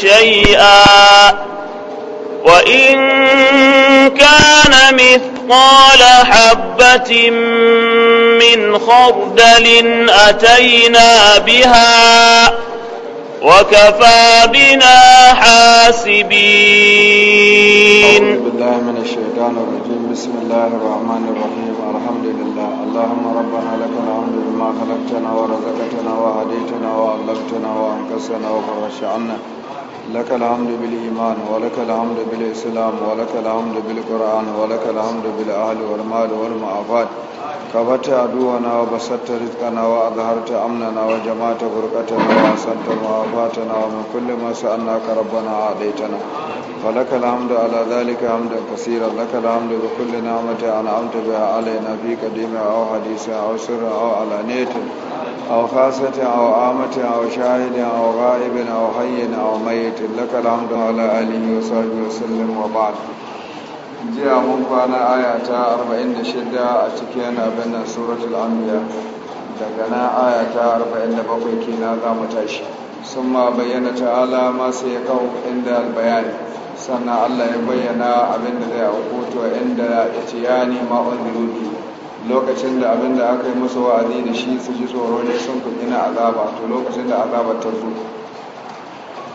شيئا وإن كان مثقال حبة من خردل أتينا بها وكفى بنا حاسبين أعوذ بالله من الشيطان الرجيم بسم الله الرحمن الرحيم الحمد لله اللهم ربنا لك الحمد لما خلقتنا ورزقتنا وهديتنا وأغلقتنا وأنقذتنا وفرجت عنا لك الحمد بالإيمان ولك الحمد بالإسلام ولك الحمد بالقرآن ولك الحمد بالأهل والمال والمعافات كبت عدونا وبسطت رزقنا وأظهرت أمننا وجمعت غرقتنا وأحسنت معافاتنا ومن كل ما سألناك ربنا أعطيتنا فلك الحمد على ذلك حمدا كثيرا لك الحمد بكل نعمة أنعمت بها علينا في قديم أو حديث أو سر أو علانية أو خاصة أو عامة أو شاهد أو غائب أو حي أو ميت kasiratun laka alhamdu ala alihi wa sahbihi wa sallam wa jiya mun kwana aya ta 46 a cikin abin nan suratul anbiya 47 kina za mu tashi sun ma bayyana ta'ala masu ya kawo inda albayani sannan allah ya bayyana abin da zai inda lokacin da abin da aka yi musu wa'azi da shi su ji tsoro ne sun kuɗi na azaba to lokacin da azaba ta zo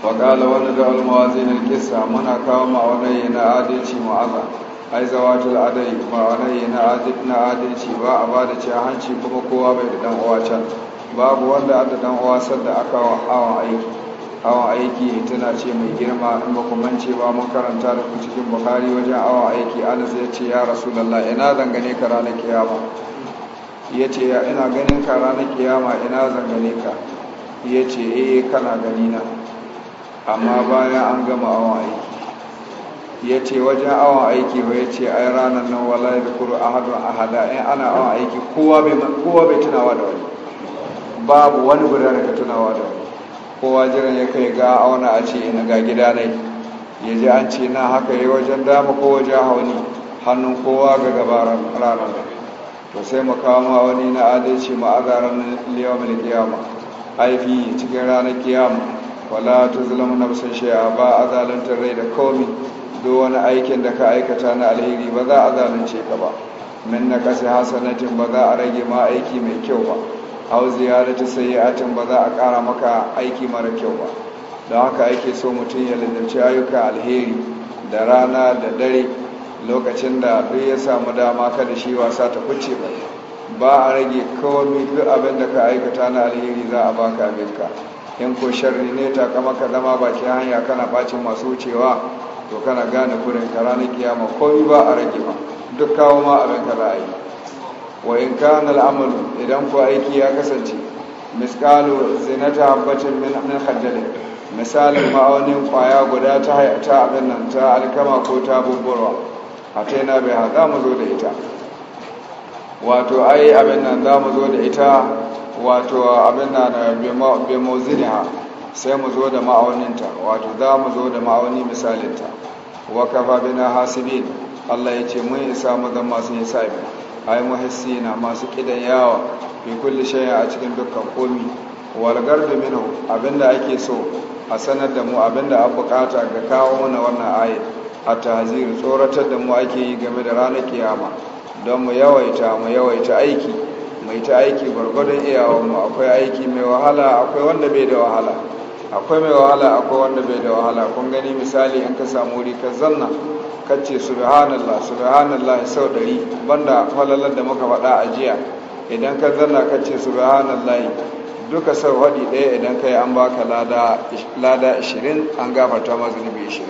waƙala wani da almawazin alƙisa muna kawo ma'aunayi na adalci mu'aza ai zawatul adai ma'aunayi na adalci ba a ba da cin hanci kuma kowa bai da dan uwa can babu wanda an da dan uwa sadda aka hawan aiki hawan aiki tana ce mai girma in ba ku mance ba mun karanta da ku cikin bukari wajen hawan aiki anas ya ce ya rasulullah ina dangane ka ranar kiyama ya ce ina ganin ka ranar kiyama ina zangane ka ya ce eh kana ganina. na amma bayan an gama awon aiki ya ce wajen awon aiki ba ya ce ai ranar nan wala da kuro a hadon a hada in ana awon aiki kowa bai tunawa da wani babu wani guda da ka tunawa da wani kowa jiran ya kai ga auna a ce ina ga gida ne ya ji an ce na haka yi wajen dama ko wajen hauni hannun kowa ga gaba ranar to sai mu kama wani na adalci ma'azarar liyawa mai kiyama aifi cikin ranar kiyama wala ta zulamu na basan shaya ba a zaluntar rai da komi do wani aikin da ka aikata na alheri ba za a zalunce ka ba min na kasi hasanatin ba za a rage ma aiki mai kyau ba au ziyarata sayyatin ba za a kara maka aiki mara kyau ba don haka ake so mutum ya lalace ayyuka alheri da rana da dare lokacin da duk ya samu dama ka da shi wasa ta kuce ba ba a rage kawai duk abin da ka aikata na alheri za a baka abinka in ko sharri ne ta kama ka zama baki hanya kana bacin masu wucewa to kana gane kurin ka ranar kiyama komi ba a rage ba duk kawo ma abin ka za yi wa in kana al'amalu idan ko aiki ya kasance miskalu zinata habbatin min min misalin ma'aunin kwaya guda ta ta abin nan ta alkama ko ta bubburwa a ta yana bai haɗa mu zo da ita wato ai abin nan za mu zo da ita wato abin na eh, ha sai mu zo da ma'auninta wato za mu zo da ma'auni misalinta wa kafa na hasibin Allah ya ce mun isa mu zan masu hisabi ai na masu kidan yawa fi kulli shay'a a cikin dukkan komi wal gardu minhu abinda ake so a sanar da mu abinda an bukata ga kawo mana wannan ayat a tazir tsoratar da mu ake yi game da ranar kiyama don mu yawaita mu yawaita aiki mai ta aiki gwargwadon iyawanmu akwai aiki mai wahala akwai wanda bai da wahala akwai mai wahala akwai wanda bai da wahala kun gani misali in ka samu wuri ka zanna ka ce subhanallah subhanallah sau ɗari banda falalar da muka faɗa a jiya idan ka zanna ka ce subhanallah duka sau haɗi ɗaya idan ka yi an baka lada 20 an gafarta mazunubi 20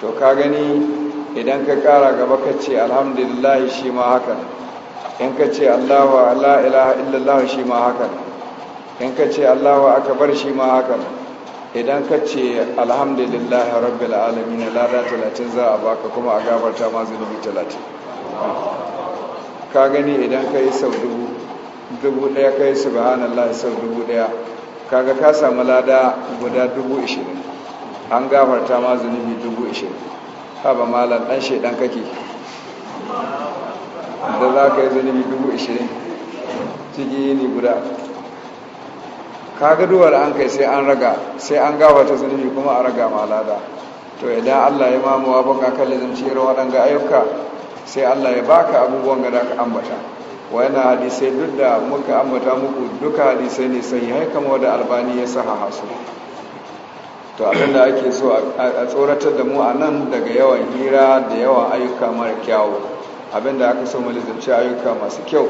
to ka gani idan ka kara gaba ka ce alhamdulillah shi ma hakan in ka ce allahu ala ilaha illallah shi ma hakan in ka ce allahu akbar shi ma hakan idan ka ce alhamdulillah rabbil alamin lada 30 za a baka kuma a gabarta ma zunubi 30 ka gani idan ka yi sau dubu dubu daya ka yi subhanallah sau dubu daya kaga ka samu lada guda dubu ishirin an ta ma zunubi dubu ishirin haba Malam ɗan shaidan kake da za ka yi zunubi dubu ishirin ciki ni guda kaga duwar an kai sai an raga sai an gawata zunubi kuma a raga malada to idan allah ya mamuwa baka kalli zamciyar waɗanga ayyuka sai allah ya baka abubuwan gada ka ambata yana hadisai duk da muka ambata muku duka hadisai ne sai haikama da albani ya saha hasu to abinda ake so a tsoratar da mu a nan daga yawan hira da yawan ayyuka mara kyawu abinda aka so malizanci ayyuka masu kyau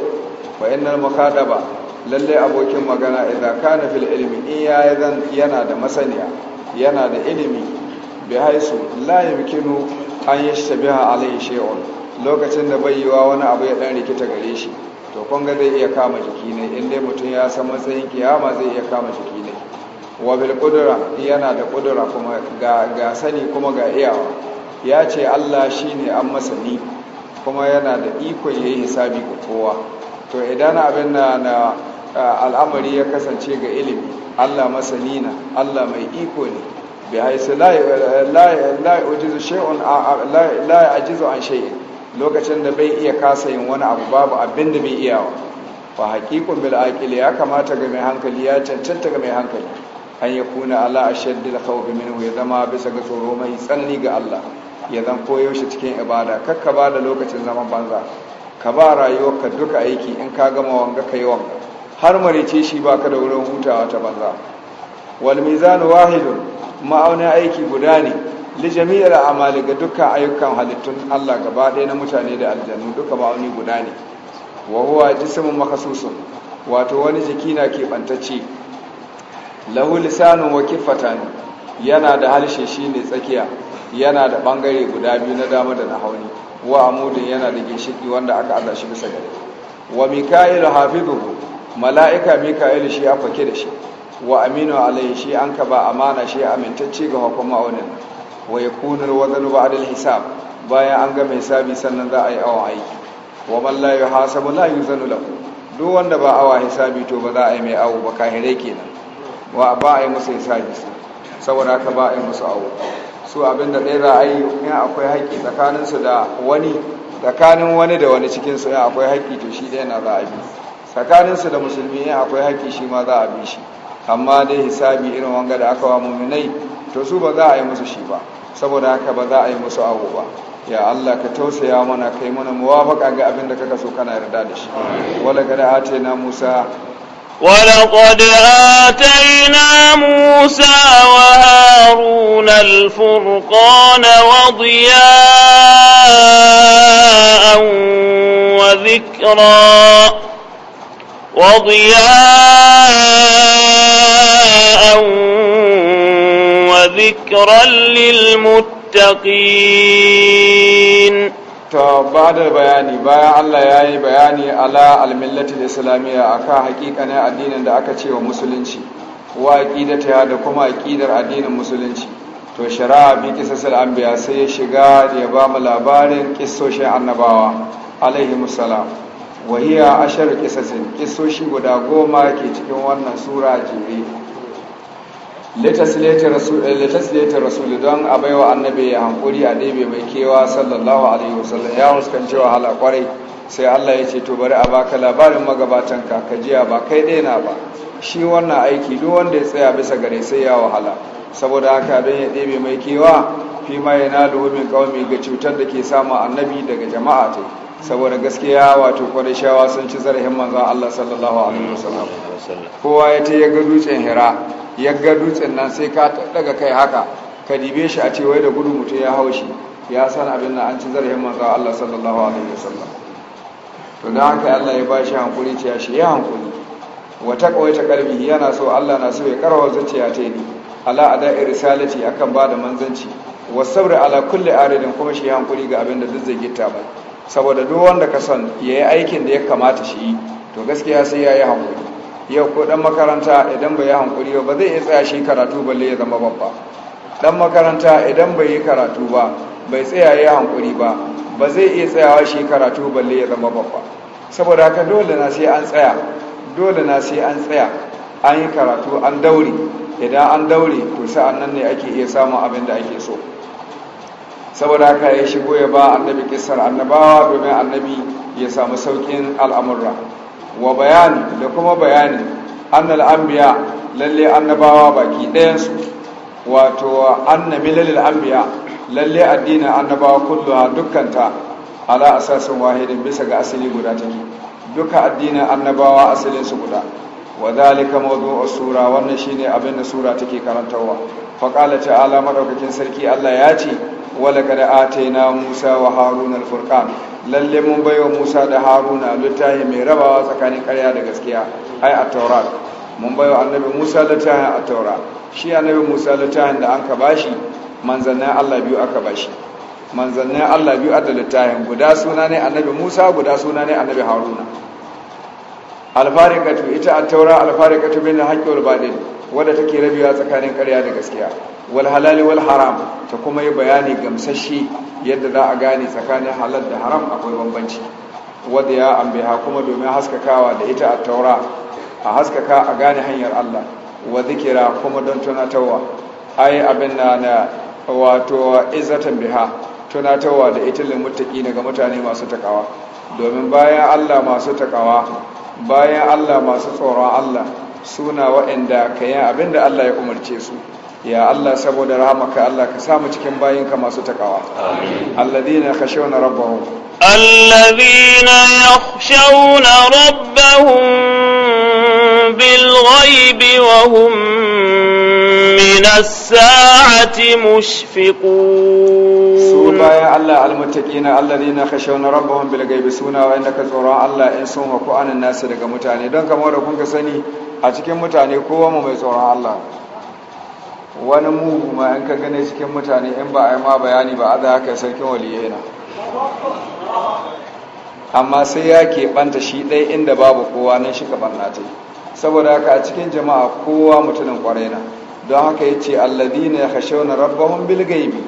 nan makada ba. lallai abokin magana idan ka na fil ilimi in ya zan yana da masaniya yana da ilimi bai haisu la yumkinu an yi shi a alayhi shay'un lokacin da bai yiwa wani abu ya dan rikita gare shi to kun zai iya kama jiki ne in dai mutum ya san matsayin kiyama zai iya kama jiki ne wa kudura yana da kudura kuma ga ga sani kuma ga iyawa ya ce Allah shi ne an masani kuma yana da ikon yi hisabi ga kowa to idan abin na na al'amari ya kasance ga ilimi Allah masani na Allah mai iko ne bi haisu la la ujizu shay'un la an shay'in lokacin da bai iya kasa yin wani abu babu abin da bai iyawa fa haqiqun bil aqil ya kamata ga mai hankali ya cancanta ga mai hankali an yi kuna ala a shaddil khawfi minhu ya zama bisa ga tsoro mai tsanani ga Allah ya zan koyaushe cikin ibada kakka ba da lokacin zaman banza ka ba ka duka aiki in ka gama wanga ka yi wanga har marice shi baka da wurin hutawa ta banza wal mizan wahidun ma'aunin aiki guda ne li jami'ar a'mali ga dukkan ayyukan halittun Allah gaba ɗaya na mutane da aljanu duka ma'auni guda ne wa huwa jisimin makasusun. wato wani jiki na ke lahu lisanun wa kifatan yana da shi ne tsakiya yana da bangare guda biyu na dama da na hauni wa amudin yana da ginshiki wanda aka aza shi bisa gare wa mika'il hafizuhu mala'ika Mika'ilu shi ya fake da shi wa aminu alaihi shi an ka ba amana shi amintacce ga hukuma wannan wa yakunu wazanu adil hisab bayan an ga hisabi sannan za a yi awon aiki wa man la yuhasabu la yuzanu lahu duk wanda ba awa hisabi to ba za a yi mai awo ba kahirai kenan wa ba a yi musu hisabi saboda ka ba a yi musu awo su abinda ɗaya za a yi ya akwai haƙƙi tsakaninsu da wani tsakanin wani da wani cikinsu ya akwai haƙƙi to shi ɗaya na za a bi tsakaninsu da musulmi ya akwai haƙƙi shi ma za a bi shi amma dai hisabi irin wanga da aka wa muminai to su ba za a yi musu shi ba saboda haka ba za a yi musu awo ba ya Allah ka tausaya mana kai mana muwafaka ga abin da kaka so kana yarda da shi wala kada na Musa ولقد آتينا موسى وهارون الفرقان وضياء وذكرا وضياء وذكرا للمتقين ta ba da bayani bayan Allah ya yi bayani ala almillatul islamiyya akan hakikanin addinin da aka ce wa musulunci wa ta da kuma aqidar addinin musulunci to shari'a bi qisasul anbiya sai ya shiga da ya ba mu labarin kissoshin annabawa alaihi musallam wa hiya ashar kisasin kissoshi guda goma ke cikin wannan sura jibril letter eh, rasul don a baiwa annabi ya hankuri a ɗebe mai kewa sallallahu alaihi wasallam ya huskanci wahala kwarai sai Allah ya ce to bari a baka labarin magabatan ka jiya, ba kai na ba shi wannan aiki duk wanda ya tsaya bisa gare sai ya wahala saboda haka don ya ɗebe mai kewa fi ma yana da min kawai ga cutar da ke samun annabi daga jama'a ta saboda gaskiya wato shawa sun ci zarafin manzo Allah sallallahu alaihi wasallam kowa ya ce ya ga dutsen hira ya ga dutsen nan sai ka daga kai haka ka dibe shi a cewa da gudu mutum ya hau shi ya san abin da an ci zarafin manzo Allah sallallahu alaihi wasallam to dan haka Allah ya bashi hankuri ce ya shi ya hankuri wa ta qalbi yana so Allah na so ya karawa zuciya ta ni ala ada'i risalati akan ba da manzanci wasabra ala kulli aridin kuma shi hankuri ga abin da duk zai gitta ba saboda duk wanda ka san yayi aikin da ya kamata shi to gaskiya sai ya yi hankuri yau ko dan makaranta idan bai yi hankuri ba zai iya tsaya shi karatu balle ya zama babba dan makaranta idan bai yi karatu ba bai tsaya ya yi hankuri ba ba zai iya tsayawa shi karatu balle ya zama babba saboda haka dole na sai an tsaya dole na sai an tsaya an yi karatu an daure idan an daure to sa'an nan ne ake iya samun abin da ake so saboda haka ya shigo ya ba annabi kisar annabawa domin annabi ya samu saukin al'amurra wa bayani da kuma bayani annal ambiya lalle annabawa baki ɗayansu wato annabi milalil ambiya lalle addinin annabawa kulluwa dukkanta ala asasin wahidin bisa ga asali guda take duka addinin annabawa asalinsu su guda wa zalika mawdu'us sura wannan shine abin da sura take karantawa fa qala ta'ala madaukakin sarki Allah ya ce wala da ataina musa wa haruna alfurkan lalle mun baiwa musa da haruna littafi mai rabawa tsakanin ƙarya da gaskiya ai a taurat mun baiwa annabi musa littafin a taura shi annabi musa littafin da an ka bashi manzannin allah biyu aka bashi manzannin allah biyu adda littafin guda suna ne annabi musa guda suna ne annabi haruna alfarikatu ita a taura alfarikatu bin haƙƙi wal wadda take rabewa tsakanin ƙarya da gaskiya Walhalali, halal wal haram ta kuma yi bayani gamsashi yadda za a gane tsakanin halar da haram akwai bambanci wadda ya ambiha kuma domin haskakawa da ita a taura a haskaka a gane hanyar Allah wa zikira kuma don tunatawa ai abin na na wato izatan biha tunatawa da ita limuttaki daga mutane masu takawa domin bayan Allah masu takawa bayan Allah masu tsoron Allah suna waɗanda kayan abin da Allah ya umarce su ya Allah saboda rahamaka Allah ka samu cikin bayinka masu takawa alladina khashawna rabbahum alladina yakhshawna rabbahum bil ghaibi wa hum min as-sa'ati mushfiqun su Allah almuttaqina alladina khashawna rabbahum bil ghaibi suna wa innaka tsoron Allah in sun ku anan nasu daga mutane don kamar da kun ka sani a cikin mutane kowa mai tsoron Allah wani mugu ma in ka gane cikin mutane in ba a yi ma bayani ba a aza haka sarkin waliyena amma sai ya keɓanta shi ɗai inda babu kowa nan shi ka ɓannata saboda haka a cikin jama'a kowa mutumin ƙwarai na don haka ya ce alladina ya hashe na rabbahun bilgaibi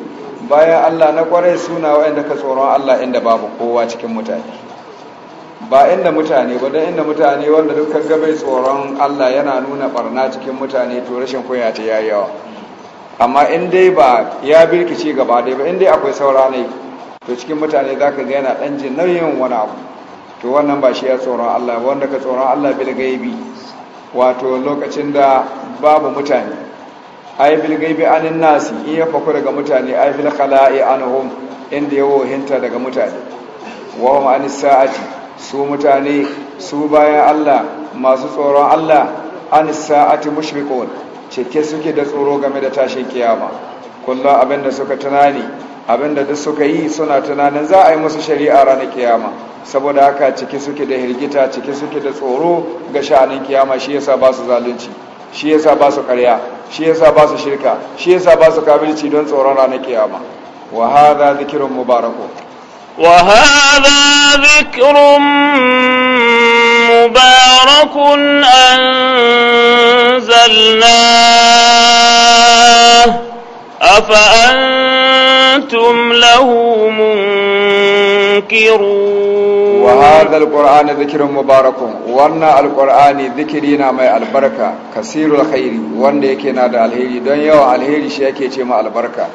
bayan allah na ƙwarai suna waɗanda ka tsoron allah inda babu kowa cikin mutane ba inda mutane ba don inda mutane wanda dukkan gabai tsoron allah yana nuna barna cikin mutane to rashin koya ta yayi yawa amma in dai ba ya birkice gaba dai ba in dai akwai saura ne to cikin mutane za ka ga yana ɗan jin nauyin wani abu to wannan ba shi ya tsoron Allah wanda ka tsoron Allah bil gaibi wato lokacin da babu mutane ai bil gaibi anin nasi in ya faku daga mutane ai bil khala'i anhum inda ya wohinta daga mutane wa hum anis sa'ati su mutane su bayan Allah masu tsoron Allah anis sa'ati mushfiqun cike suke da tsoro game da tashin kiyama kullum abinda suka tunani abinda duk suka yi suna tunanin za a yi musu shari'a ranar kiyama saboda haka cike suke da hirgita cike suke da tsoro ga sha'anin kiyama shi yasa ba su zalunci shi yasa ba su karya shi yasa ba su shirka shi yasa ba su kabilci don tsoron ranar kiyama wa hadha dhikrun mubarakun wa hadha dhikrun مبارك أنزلناه أفأنتم له منكرون وهذا القرآن ذكر مبارك وانا القرآن ذكرنا ما البركة كثير الخير وانا يكينا دا الهيري دون يو الهيري شاكي تيما البركة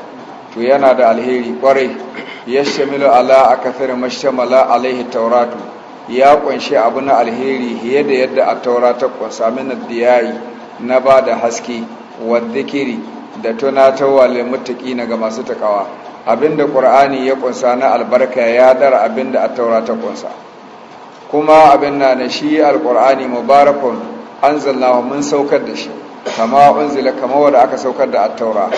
to yana da alheri kwarai ya shamilu ala a kafin mashtamala alaihi tauratu ya kunshi abu na alheri fiye da yadda a taura ta kunsa mina diyayi na ba da haske wa zikiri da tunatarwa limuttaki na ga masu takawa abinda ƙur'ani ya kunsa na albarka ya dar abinda a taura ta kunsa kuma abin na na shi alƙur'ani mubarakun an zallawa mun saukar da shi kama unzila kama wadda aka saukar da attaura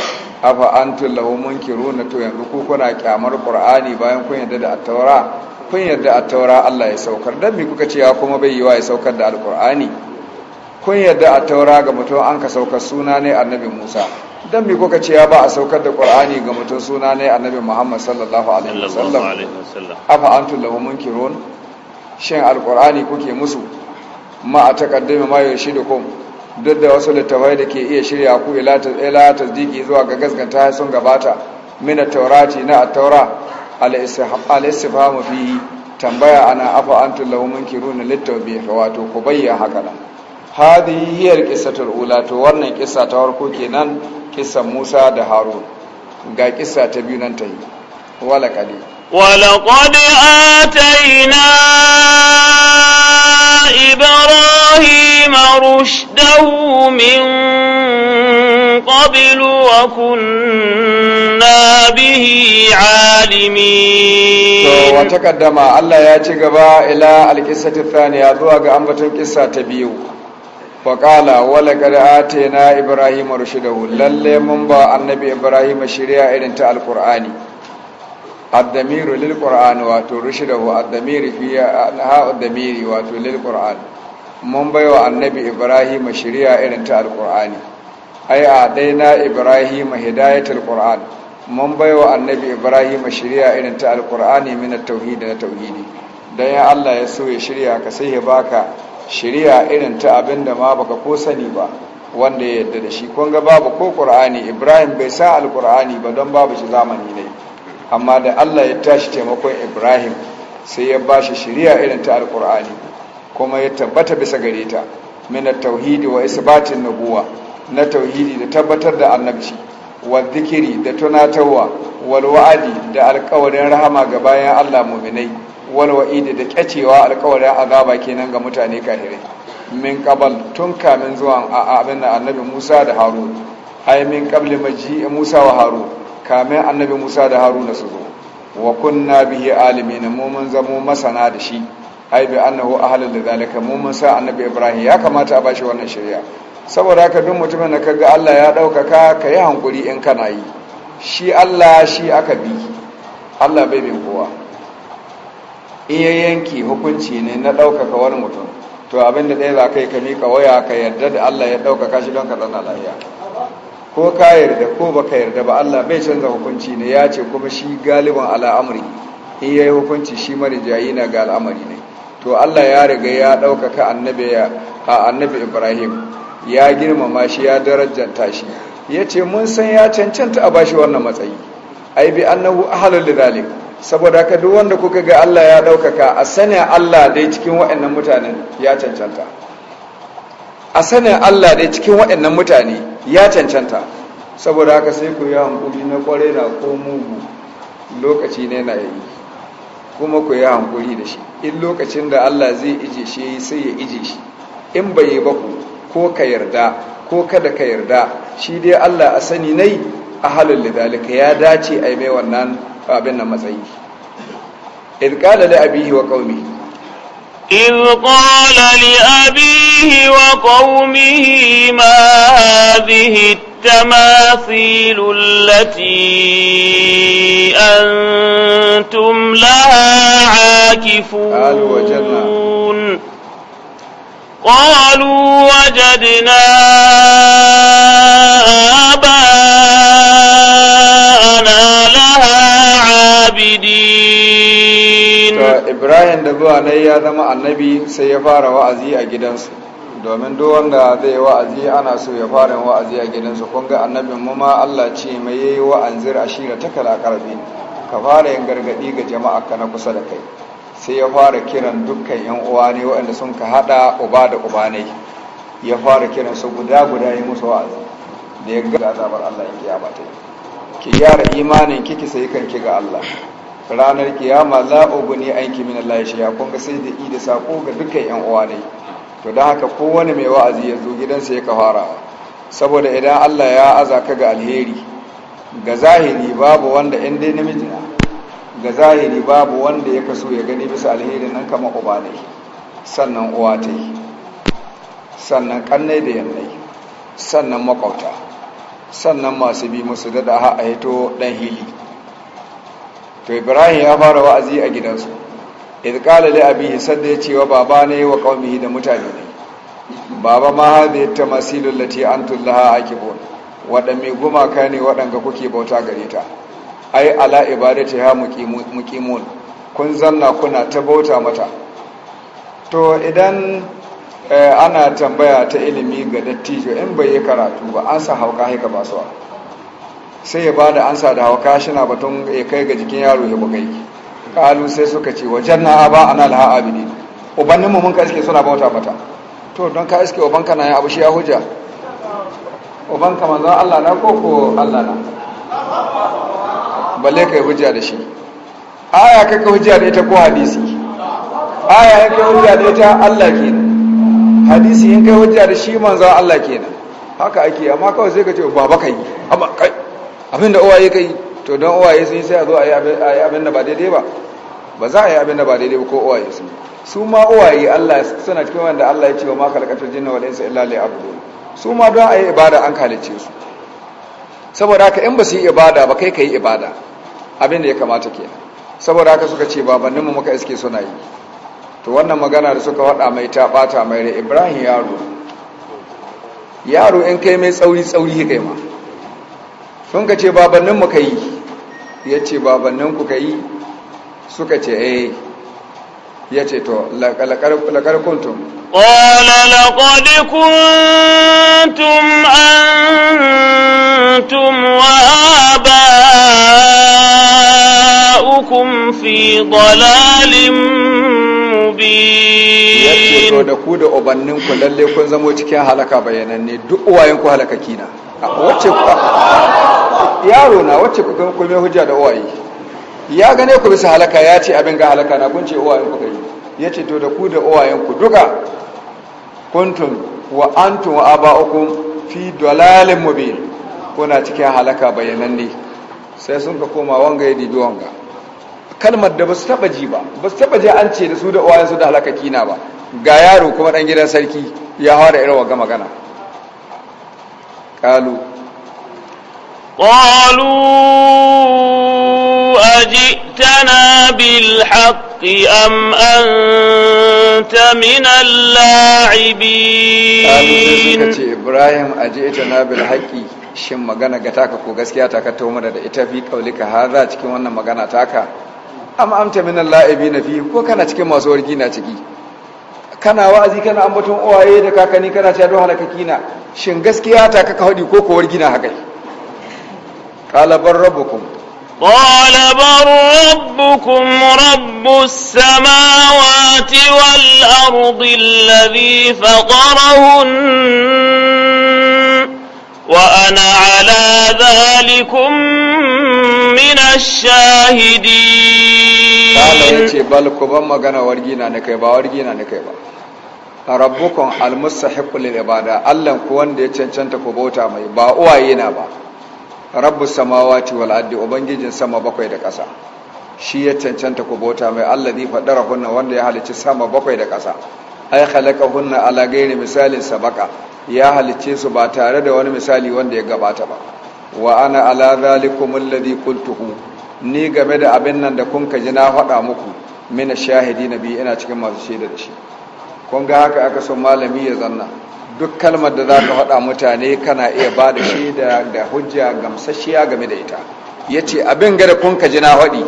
afa antum lahu munkiruna to yanzu ku kuna kyamar qur'ani bayan kun yadda da attaura kun yarda a taura Allah ya saukar don mi kuka cewa kuma bai yiwa ya saukar da alkur'ani kun yarda a taura ga mutum an ka saukar suna ne annabi musa don mi kuka cewa ba a saukar da ƙur'ani ga mutum suna ne annabi muhammad sallallahu alaihi wasallam afa antum lahu munkirun shin alkur'ani kuke musu ma a takaddama ma yashidukum duk da wasu littafai da ke iya shirya ku ila tasdiki zuwa ga gaskanta sun gabata mina taurati na at-taura al fi tambaya ana afa antum kiruna munkiruna litawbih wato ku bayyana haka nan hadi hiyar al ula to wannan kissa ta farko kenan kissan Musa da Harun ga kissa ta biyu nan ta yi wala kadi ولقد آتينا إبراهيم رشده min قبل وكنا به عالمين وتقدم الله يا تجبا إلى القصة الثانية ذوق أنبة القصة تبيو فقال ولقد آتينا إبراهيم رشده من با النبي إبراهيم شريعة إلى القران الضمير للقران واتو رشده الضمير في ها الضمير واتو للقران mun baiwa annabi ibrahim shari'a irin ta alkur'ani ai a na ibrahim hidayatul qur'an mun baiwa annabi ibrahim shari'a irin ta alqur'ani min at-tauhid na tauhidi dan ya Allah ya so ya shirya ka sai ya baka shari'a irin ta abinda ma baka ko sani ba wanda ya yadda da shi kun ga babu ko qur'ani ibrahim bai sa alqur'ani ba don babu shi zamani ne amma da Allah ya tashi taimakon ibrahim sai ya bashi shari'a irin ta alqur'ani kuma ya tabbata bisa gare ta min at-tauhid wa isbatin nubuwah na tauhidi da tabbatar da annabci wa da tunatarwa walwa'adi da alkawarin rahama ga bayan Allah muminai walwa'idi da kyacewa alkawarin azaba kenan ga mutane kafirai min qabal tun kamin zuwan abin da annabi Musa da Harun ay min qabli maji Musa wa Harun kamin annabi Musa da Harun su zo wa kunna bihi alimin mu mun zamo masana da shi ai bi annahu ahlul zalika mu mun sa annabi Ibrahim ya kamata a bashi wannan shari'a saboda haka duk mutumin da kaga Allah ya ɗaukaka ka yi hankuri in kana yi shi Allah shi aka bi Allah bai bin kowa in ya yanki hukunci ne na ɗaukaka wani mutum to abinda ɗaya za ka yi ka miƙa waya ka yarda da Allah ya ɗaukaka shi don ka zana lafiya ko ka yarda ko ba ka yarda ba Allah bai canza hukunci ne ya ce kuma shi galiban al'amari, in ya yi hukunci shi marijayi na ga al'amari ne to Allah ya riga ya ɗaukaka annabi Ibrahim ya girmama shi ya darajanta shi ya ce mun san ya cancanta a bashi wannan matsayi ai bi annahu ahlul lidhalik saboda ka duk wanda kuka ga Allah ya daukaka a sanin Allah dai cikin waɗannan mutane ya cancanta a sanin Allah dai cikin waɗannan mutane ya cancanta saboda haka sai ku yi hankuli na kware na ko mugu lokaci ne na yayi kuma ku yi hankuli da shi in lokacin da Allah zai ije shi sai ya ije shi in bai yi ba ku ko ka yarda ko kada ka yarda shi dai Allah a sani nai a halin lidalika ya dace a yi mai wannan abin na matsayi idh qala li abihi wa qaumi إذ قال لأبيه وقومه ما هذه التماثيل التي أنتم لها عاكفون قالوا وجدنا آباءنا لها عابدين إبراهيم علي عليه دم النبي سيفار وعزي أجدنس domin duk wanda zai wa'azi ana so ya fara wa'azi a gidansu kun ga annabin mu ma Allah ce mai yayi wa'anzir ashira takala karfi ka fara yin gargadi ga jama'a ka na kusa da kai sai ya fara kiran dukkan yan uwa ne waɗanda sun ka haɗa uba da uba ne ya fara kiran su guda guda ya musu wa'azi da ya ga azabar Allah ya kiyama ta ki gyara imanin kiki sai kan ki ga Allah ranar kiyama la uguni anki min Allah ya kun sai da i da sako ga dukkan yan uwa ne to don haka kowane mai wa'azi ya zo gidansa ya ka fara. saboda idan Allah ya aza ga alheri ga zahiri babu wanda in dai namiji na ga zahiri babu wanda ya kaso ya gani bisa alherin nan kama uba ne sannan uwa ta yi sannan kannai da yannai sannan makauta sannan masu bi musu dada ha a hito dan hili to ibrahim ya fara wa'azi a gidansu idkala li abihi sadda ya cewa baba ne wa qaumihi da mutane ne baba ma hadhihi tamasilul lati tullaha a akibun wadan mai gumaka ne wadanga kuke bauta gare ta ai ala ibadati ha muqimun kun zanna kuna ta bauta mata to idan eh, ana tambaya ta ilimi ga dattijo in bai yi karatu ba an sa hauka haika ba suwa sai ya ba da ansa da hauka shi na batun ya kai ga jikin yaro ya bugai kalu sai suka ce wajen na ba a na laha abidi mu mun ka iske suna bauta mata to don ka iske ubanka na ya abu shi ya hujja ubanka manzan allah na ko ko allah na balle kai hujja da shi aya kaka hujja da ita ko hadisi aya in kai hujja da ita Allah kenan hadisi in kai hujja da shi manzo Allah ke kenan haka ake amma kawai sai ka ce baba kai amma kai abin da uwaye kai to dan uwaye sun sai a zo a yi abin da ba daidai ba ba za a yi abin da ba daidai ba ko uwaye sun su ma uwaye Allah suna cikin wanda Allah ya ce wa ma khalaqatul jinna wa laysa illa li abdu su ma don a yi ibada an kalice su saboda haka in ba su yi ibada ba kai ka yi ibada abin da ya kamata ke saboda haka suka ce babanninmu muka iske suna yi to wannan magana da suka faɗa mai ta ɓata mai rai. ibrahim yaro yaro in kai mai tsauri-tsauri kai ma sun ka ce babanninmu ka yi ya ce babanninku ka yi suka ce eh ya ce to laƙar kuntum ƙola laƙad kuntum antum wa aba'ukum fi dalalin mubin ya ce to da ku da obanninku lalle kun zamo cikin halaka bayananne duk ku halaka kina na wacce yaro na wacce kuma hujja da uwaye ya gane ku bisa halaka ya ce abin ga halaka na kun ce uwayen ku kai ya ce to da ku da uwayen ku duka kuntum wa antum wa aba'ukum fi dalalin mubin kuna cikin halaka bayananne sai sun ka koma wanga ya dibi wanga kalmar da basu taba ji ba basu taba ji an ce da su da uwayen su da halaka kina ba ga yaro kuma dan gidan sarki ya fara da irin wa magana qalu qalu أجئتنا بالحق أم أنت من اللاعبين إبراهيم أجئتنا بالحق shin magana ga taka ko gaskiya ta ka taumar da ita fi kaulika za cikin wannan magana taka am amta min laibi na fi ko kana cikin masu wargi na ciki kana wa'azi kana ambaton uwaye da kakanni kana cewa don halaka kina shin gaskiya ta ka ka hadi ko ko wargi na haka qala bar rabbukum قال بل ربكم رب السماوات والأرض الذي فطرهن وأنا على ذلكم من الشاهدين قال يتي بل كبما مغانا ورقينا نكيبا ورقينا نكيبا ربكم المستحق للعبادة ألا كوان دي چنچنت كبوتا مي با uwaye na rabbus samawati wal ardi ubangijin sama bakwai da ƙasa shi ya cancanta ku bauta mai allazi hunna wanda ya halicci sama bakwai da ƙasa ay hunna ala ghairi misalin sabaka ya halicce su ba tare da wani misali wanda ya gabata ba wa ana ala zalikum alladhi qultuhu ni game da abin nan da kun ji na faɗa muku mina shahidi nabi ina cikin masu shaida da shi kun ga haka aka son malami ya zanna duk kalmar da za ka faɗa mutane kana iya ba da shi da hujja gamsashiya game da ita ya ce abin gada kun ka ji na faɗi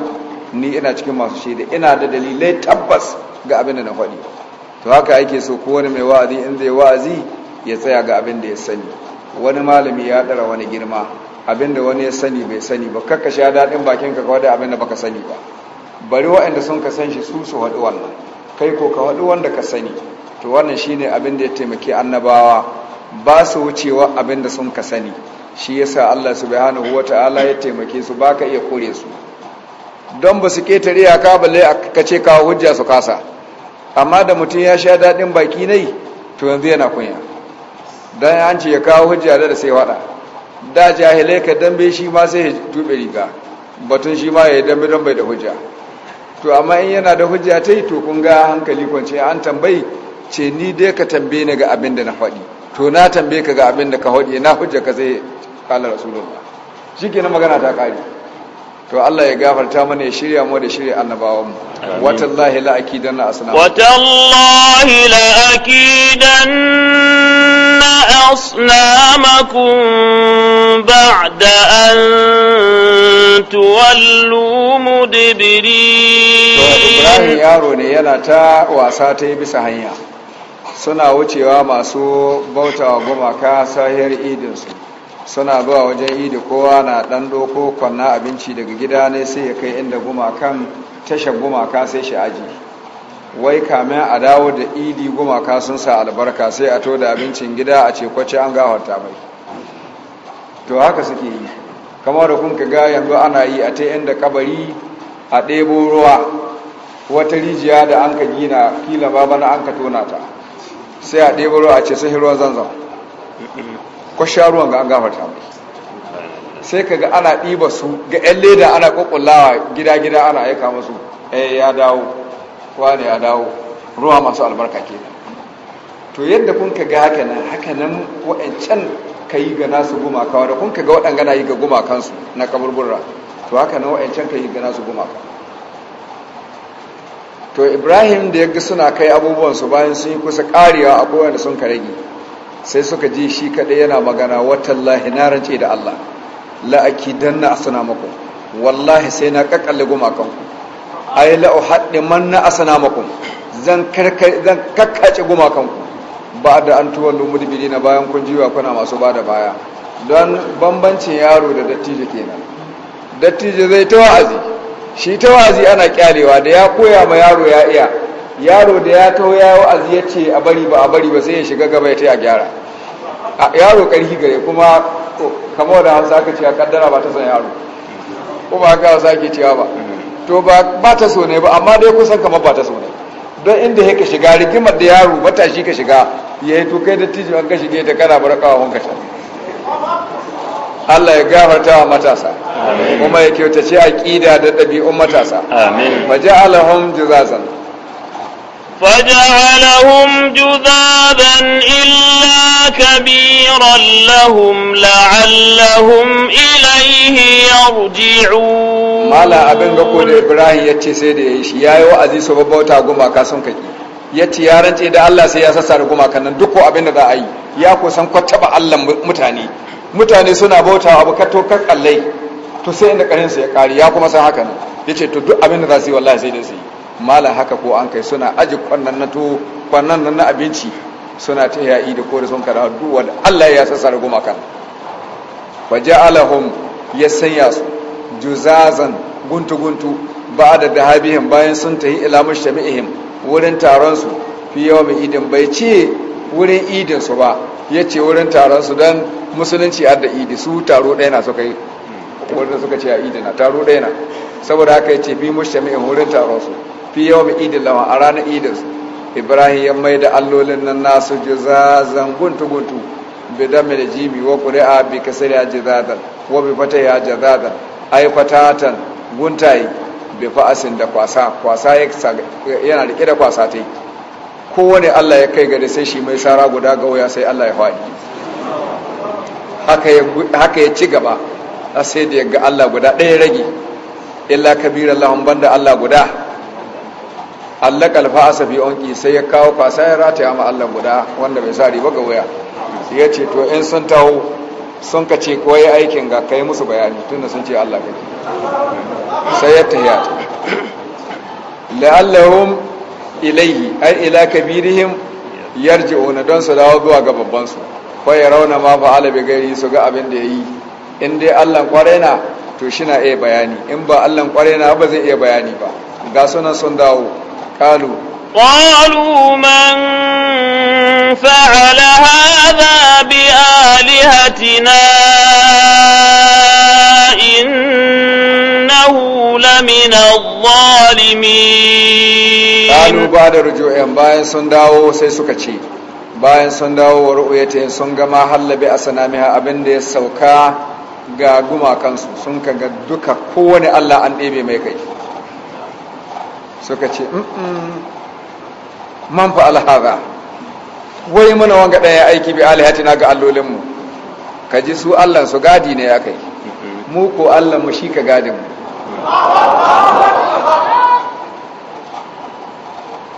ni ina cikin masu shaida ina da dalilai tabbas ga abin da na faɗi to haka ake so wani mai wa'azi in zai wa'azi ya tsaya ga abin da ya sani wani malami ya ɗara wani girma abin da wani ya sani bai sani ba kakka sha daɗin bakin ka kawai da abin da baka sani ba bari waɗanda sun ka san shi su su haɗu wannan kai ko ka haɗu wanda ka sani to wannan shine abin da ya taimaki annabawa ba su wucewa abin da sun ka sani shi yasa Allah subhanahu wataala ya taimake su baka iya kore su don ba su ketare ya ka balle ka ce kawo hujja su kasa amma da mutum ya sha daɗin baki nai to yanzu yana kunya don an ce ya kawo hujja da sai wada da jahilai ka dambe shi ma sai ya tube riga batun shi ma ya dambe don bai da hujja to amma in yana da hujja ta yi to kun ga hankali kwanci an tambayi ce ni dai ka tambaye ni ga abin da na faɗi to na tambaye ka ga abin da ka faɗi na hujja ka sai kala rasulullah shikenan magana ta kare to Allah ya gafarta mana ya shirya mu da shirya annabawan mu watallahi la akidanna asnam watallahi la akidanna asnamakum ba'da an tuwallu mudbirin Ibrahim yaro ne yana ta wasa ta bisa hanya suna wucewa masu bautawa gumaka sahiyar idinsu suna zuwa wajen idi kowa na dan doko kwanna abinci daga gida ne sai ya kai inda gumakan tasha gumaka sai shi aji wai kamin a dawo da idi gumaka sun sa albarka sai a to da abincin gida a ce kwace an gawarta mai to haka suke yi kamar da kun ga yanzu ana yi a ta inda kabari a ɗebo ruwa wata rijiya da an ka gina kila babana an ka tona ta sai a ɗebo ruwa a ce sai ruwan zanzan ko sha ruwan ga an gafarta mai sai ka ga ana ɗiba su ga 'yan leda ana ƙwaƙwallawa gida-gida ana aika musu eh ya dawo ne ya dawo ruwa masu albarka ke to yadda kun ka ga haka nan haka nan wa'ancan ka yi ga nasu gumaka da kun ka ga waɗanga na yi ga gumakansu na kaburbura to haka nan wa'ancan ka yi ga nasu gumaka to ibrahim da ya ga suna kai abubuwansu bayan sun yi kusa karewa a kowane sun ka rage sai suka ji shi kaɗai yana magana watallahi na rance da allah la'aki don na asana makon wallahi sai na ƙaƙalle a yi la'o haɗe man na asana makon zan kakkace gumakanku ba da an tuwon lumudubiri na bayan kun jiwa kuna masu ba da baya don bambancin yaro da dattijo kenan dattijo zai ta wa'azi shi ta wazi ana kyalewa da ya koya ma yaro ya iya yaro da ya taho ya wa'azi ya ce a bari ba a bari ba sai ya shiga gaba ya ta ya gyara yaro karhi gare kuma oh, kamar da hausa aka ce a kaddara ba ta san yaro kuma aka wasa ke cewa ba to ba ta so ne ba amma dai kusan kamar ba ta so ne don inda ya ka shiga rigimar da yaro matashi ka shiga ya yi to kai da tijin an ka shige ta kana barakawa wanka Allah ya gafarta wa matasa kuma ya kyautace aqida da ɗabi'un matasa amin fa ja'alahum juzazan fa ja'alahum juzazan illa kabiran lahum la'allahum ilayhi yarji'u mala abin da ko Ibrahim yace sai da yayi shi yayi wa'azi so babauta goma ka sun kaki yace ya rance da Allah sai ya sassa gumakan nan duk ko abin da za a yi ya kusan san kwatta ba Allah mutane mutane suna bauta abu ka to ka kallai to sai inda karin su ya kari ya kuma san haka ne yace to duk abin da za su yi wallahi sai da su yi mala haka ko an kai suna aji kwannan na to kwannan nan na abinci suna ta yayi da kore sun kada duk wanda Allah ya sassa rago maka wa ja'alahum ya sanya su juzazan guntu guntu ba'da dahabihim bayan sun tahi ila mushami'ihim wurin taron su fi yawmi idin bai ce wurin idinsu ba ya ce wurin taronsu don musulunci har da idi su taro ɗaya na suka yi wurin suka ce a idina taro ɗaya na saboda haka ya ce fi mushtami'in wurin taronsu fi yau mai idin lawa a ranar su ibrahim ya mai da allolin nan nasu jizazan guntu-guntu bi da jimi wa ƙuri'a bi kasariya jizazan wa bi fata ya jizazan Aikwatatan fatatan guntaye bi fa'asin da kwasa kwasa yana rike da kwasa ta yi kowane Allah ya kai gari sai shi mai sara guda ga wuya sai Allah ya faɗi haka ya ci gaba a sai da yaga Allah guda ɗaya rage illa kabir Allahun banda Allah guda Allah kalfa asafi onki sai ya kawo kwasa ya rata ya Allah guda wanda bai sa riba ga wuya ya ce to in sun taho sun ka ce kuwa yi aikin ga kai musu bayani tunda sun ce Allah kake sai ya tahiya la'allahum ilaihi ai ila kabirihim yarji'una don su dawo zuwa ga babban su fa ya rauna ma fa'ala bi gairi su ga abin da yayi in dai Allah kwarena to shi na iya bayani in ba Allah kwarena ba zai iya bayani ba ga sunan sun dawo kalu man fa'ala hadha bi alihatina لمن الظالمين قالوا بعد رجوعهم bayan sun dawo sai suka ce bayan sun dawo sun ga ma hallabi asanamiha abinda ya sauka ga gumakansu sun ka ga duka kowane Allah an ɗebe mai kai suka ce man fa alhaza wai muna wanga ɗaya aiki bi alihatina ga allolinmu ka ji su Allah su gadi ya kai mu ko Allah mu shi ka gadin mu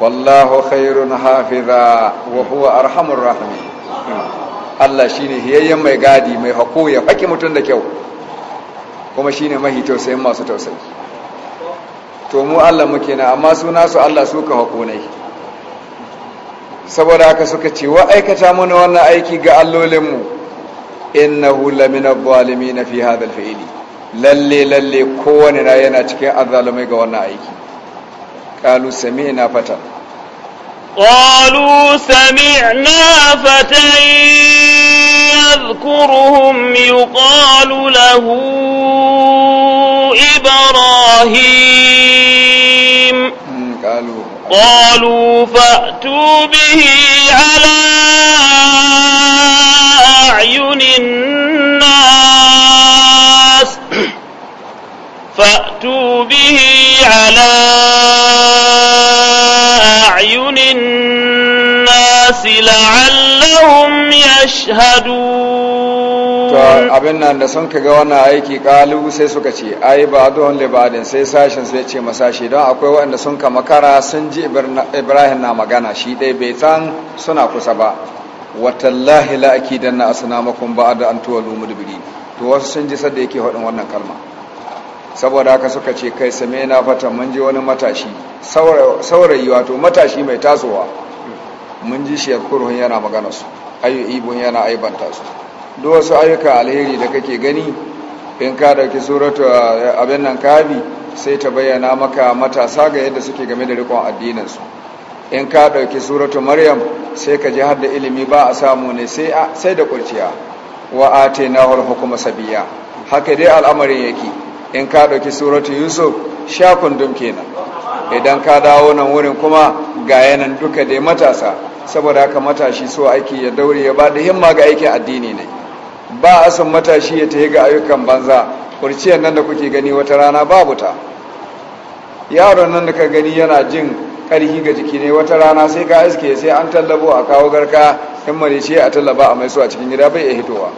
wallahu khairun hafiza wa huwa arhamur rahimi Allah shine hiyayyen mai gadi mai hako ya faki mutum da kyau kuma shine mahi tausayin masu tausayi to mu Allah muke na amma suna su Allah su ka hako ne saboda haka suka ce wa aikata mana wannan aiki ga allolinmu innahu lamina zalimin fi hadha al-fi'li lalle lalle kowane na yana cikin azzalumai ga wannan aiki qalu sami'na fatan qalu sami'na fatan yadhkuruhum yuqalu lahu ibrahim hmm, qalu qalu fa'tu bihi ala a'yunin na فأتوا به على أعين الناس لعلهم يشهدون to abin nan da sun ga wannan aiki kalu sai suka ce ai ba don libadin sai sashin sai ce masashi don akwai waɗanda sun ka makara sun ji ibrahim na magana shi dai bai san suna kusa ba watallahi la akidanna asnamakum ba'da an tuwalu mudbirin to wasu sun ji sadda yake faɗin wannan kalma saboda haka suka ce kai same na fata mun ji wani matashi saurayi wato matashi mai tasowa mun ji shi kurhun yana magana su ayu ibun yana aibanta su duk wasu ayyuka alheri da kake gani in ka dauki suratu eh, abin nan kabi sai ta bayyana maka matasa ga yadda suke game da rikon addinin su in ka dauki suratu maryam sai ka ji har da ilimi ba a samu ne sai da kurciya wa atina hukuma sabiya haka dai al'amarin yake in ka ɗauki suratu yusuf sha kundum kenan idan ka dawo nan wurin kuma ga yanan duka dai matasa saboda haka matashi so aiki ya daure ya ba da himma ga aikin addini ne ba a son matashi ya tafi ga ayyukan banza kurciyar nan da kuke gani wata rana babu ta yaron nan da ka gani yana jin ƙarhi ga jiki ne wata rana sai ka iske sai an tallabo a kawo garka in ya ce a tallaba a mai su a cikin gida bai iya hitowa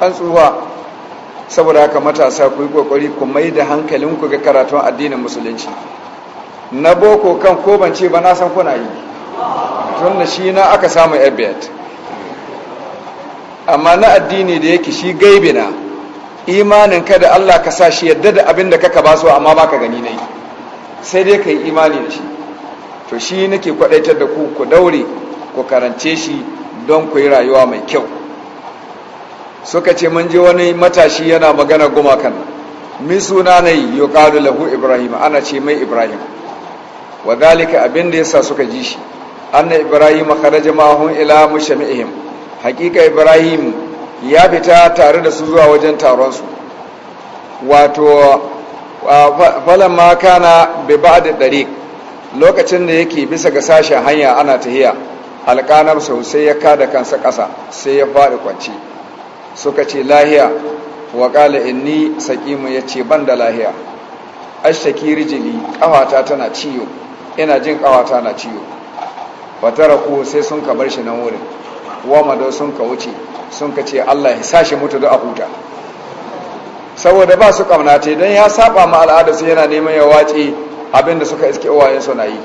an tsufa saboda haka matasa ku yi kokari ku mai da hankalinku ga karatun addinin musulunci na boko kan ko ban ce ba na san kuna yi tun da shi na aka samu abiyat amma na addini da yake shi gaibi na imanin ka da Allah ka sa shi yadda da abin da kaka ba su amma baka gani ne sai dai ka yi imani da shi to shi nake kwadaitar da ku ku daure ku karance shi don ku yi rayuwa mai kyau suka ce mun ji wani matashi yana magana gumakan min suna ne yuqalu lahu ibrahim ana ce mai ibrahim wa dalika abin da yasa suka ji shi anna ibrahim kharaja ma'ahum ila mushami'ihim haqiqa ibrahim ya fita tare da su zuwa wajen taron su wato falamma kana bi ba'd dariq lokacin da yake bisa ga sashen hanya ana tahiya alƙanar sau ya kada kansa ƙasa sai ya faɗi kwanci suka ce lahiya wa ƙala ni saƙimu ya ce ban da lahiya ashaki rijili ƙawata tana ciyo ina jin ƙawata na ciyo wata raku sai sun ka bar shi nan wurin don sun ka wuce sun ka ce allah ya sa mutu da abuta saboda ba su ce don ya saba ma al'ada su yana neman ya wace abinda suka iske uwayen suna yi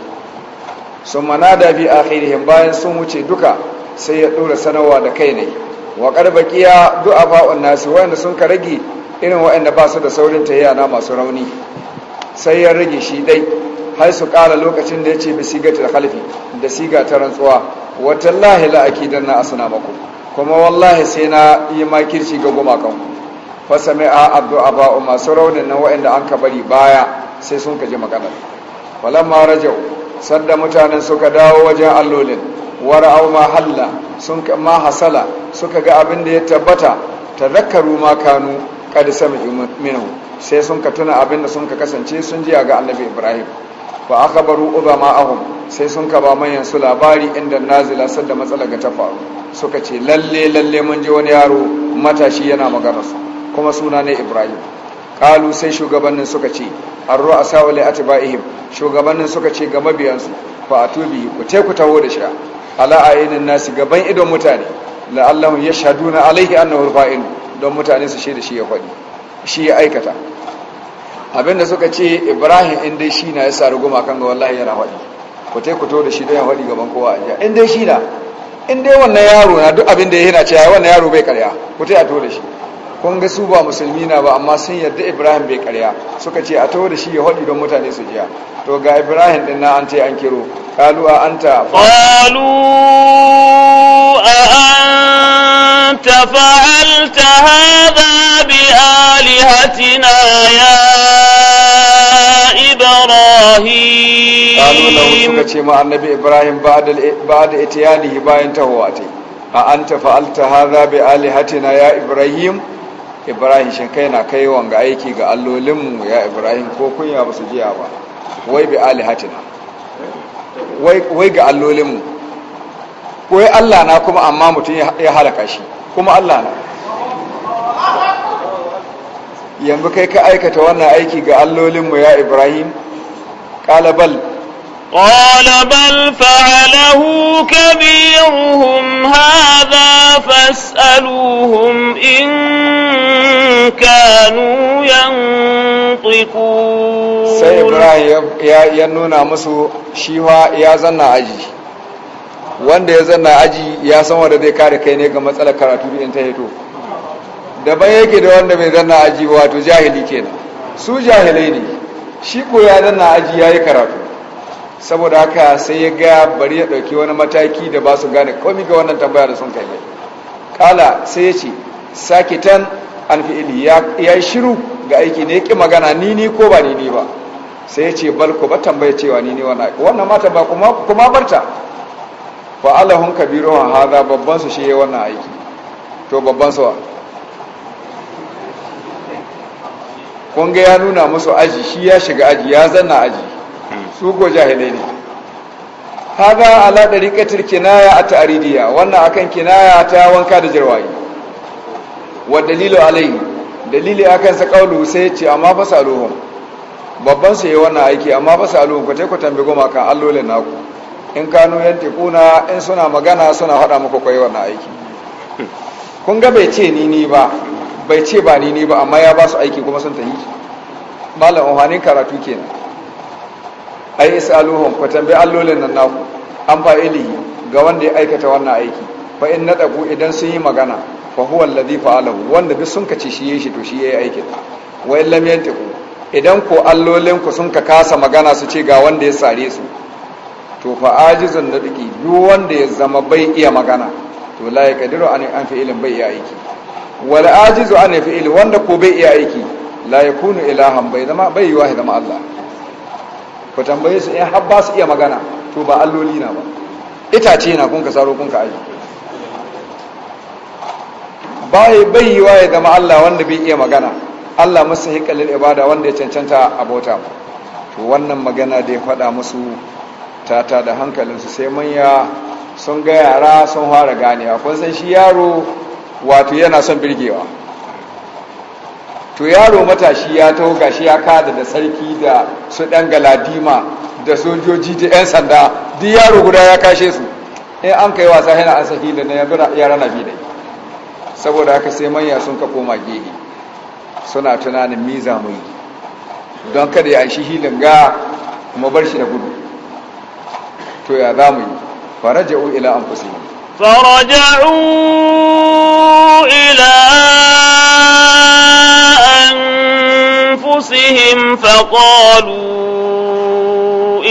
sun mana da bi a bayan sun wuce duka sai ya ɗora sanarwa da kai ne wa karbakiya du'a fa'un nasu wanda sun ka rage irin wa'anda ba su da saurin tahiya na masu rauni sai ya rage shi dai har su kara lokacin da ya ce bi ta khalfi da siga ta rantsuwa watallahi la akidan na asna mako kuma wallahi sai na yi makirci ga gumakan fa sami'a abdu'a ba'u masu raunin na wa'anda an ka bari baya sai sun ka ji magana falamma rajau sadda mutanen suka dawo wajen allolin wara'au ma halla sun ma hasala suka ga abin da ya tabbata ta tadhakkaru ma kanu qad sami'u minhu sai sun ka tuna abin da sun ka kasance sun ji ga annabi Ibrahim fa akhbaru ulama'ahum sai sun ka ba manyan su labari inda nazila da matsala ga ta faru suka ce lalle lalle mun ji wani yaro matashi yana magana su kuma suna ne Ibrahim kalu sai shugabannin suka ce ar-ru'asa wa li'atba'ihim shugabannin suka ce ga mabiyansu fa atubi ku te ku taho da sha. ala ayyidin nasi gaban idon mutane la'allahum yashhaduna alaihi annahu fa'il don mutane su shaida shi ya faɗi shi ya aikata abinda suka ce ibrahim in dai shi na ya sa ruguma kan ga wallahi yana faɗi ku tai ku to da shi don ya faɗi gaban kowa a jiya in dai shi na in dai wannan yaro na duk abin da ya hina ce wannan yaro bai karya ku tai a to da shi kun ga su ba musulmi na ba amma sun yarda ibrahim bai karya suka ce a taho da shi ya haɗi don mutane su jiya to ga ibrahim din na an ce an kiro kalu a anta qalu a anta fa'alta hadha bi alihatina ya ibrahim kalu na suka ce ma annabi ibrahim ba da itiyani bayan tahowa ta a anta fa'alta bi alihatina ya ibrahim ibrahim shin kai na kai wanga aiki ga allolinmu ya ibrahim ko kunya ba su jiya ba wai bi alihatina wai ga allolinmu wai allah na kuma amma mutum ya halaka shi kuma allah na yanzu kai ka aikata wannan aiki ga allolinmu ya ibrahim kalabal قال بل فعله كبيرهم haza فاسألوهم تشركون sai ibrahim ya nuna musu shi ya zanna aji wanda ya zanna aji ya san wanda zai kare kai ne ga matsalar karatu in ta hito daban yake da wanda bai zanna aji wato jahili kenan su jahilai ne shi ko ya zanna aji yayi karatu saboda haka sai ya ga bari ya dauki wani mataki da ba su gane komi ga wannan tambaya da sun kai kala sai ya ce sakitan an fi'ili ya yi shiru ga aiki ne ki magana ni ni ko ba ni ni ba sai ya ce bal ku ba tambaye cewa ni ni wannan wannan mata ba kuma kuma barta fa alahun kabiruhum hadha babban su shi wannan aiki to babban su kun ga ya nuna musu aji shi ya shiga aji ya zanna aji su ko jahilai ne haga ala dariqatil kinaya at aridiya wannan akan kinaya ta wanka da jirwayi wa dalilu alayhi dalili akan sa kaulu sai ce amma fa saluhum babban su yi wannan aiki amma fa saluhum ku ku tambi goma kan allolin naku in kanu yanti kuna in suna magana suna hada muku kai wannan aiki kun ga bai ce ni ni ba bai ce ba ni ni ba amma ya ba su aiki kuma sun tafi malam uhanin karatu kenan ai isaluhum ku tambi allolin nan naku an fa'ili ga wanda ya aikata wannan aiki fa in nadaku idan sun yi magana fa huwa alladhi wanda duk sun kace shi yayi shi to shi yayi aikin wa in lam yantiqu idan ko allolin ku sun ka kasa magana su ce ga wanda ya sare su to fa ajizun duki duk wanda ya zama bai iya magana to la kadiru an an fi ilin bai iya aiki wal ajizu an fi ilin wanda ko bai iya aiki la yakunu ilahan bai zama bai yi wahida ma Allah ku tambaye su in har ba su iya magana to ba alloli na ba itace na kun ka saro kun ka aiki bai bai yiwa ya zama Allah wanda bai iya magana Allah masa hikalin ibada wanda ya cancanta a bauta to wannan magana da ya faɗa musu tata da hankalinsu sai manya sun ga yara sun fara ganewa kun san shi yaro wato yana son birgewa to yaro matashi ya taho gashi ya kada da sarki da su ɗan galadima da sojoji da 'yan sanda duk yaro guda ya kashe su in an kai wasa yana an sahi da na yara na bidai saboda haka sai manya sun ka koma gehe suna tunanin miza mai don kada ya shi hilin ga kuma bar shi da gudu to ya za mu yi ja'u ila fara ja'u ila anfusihim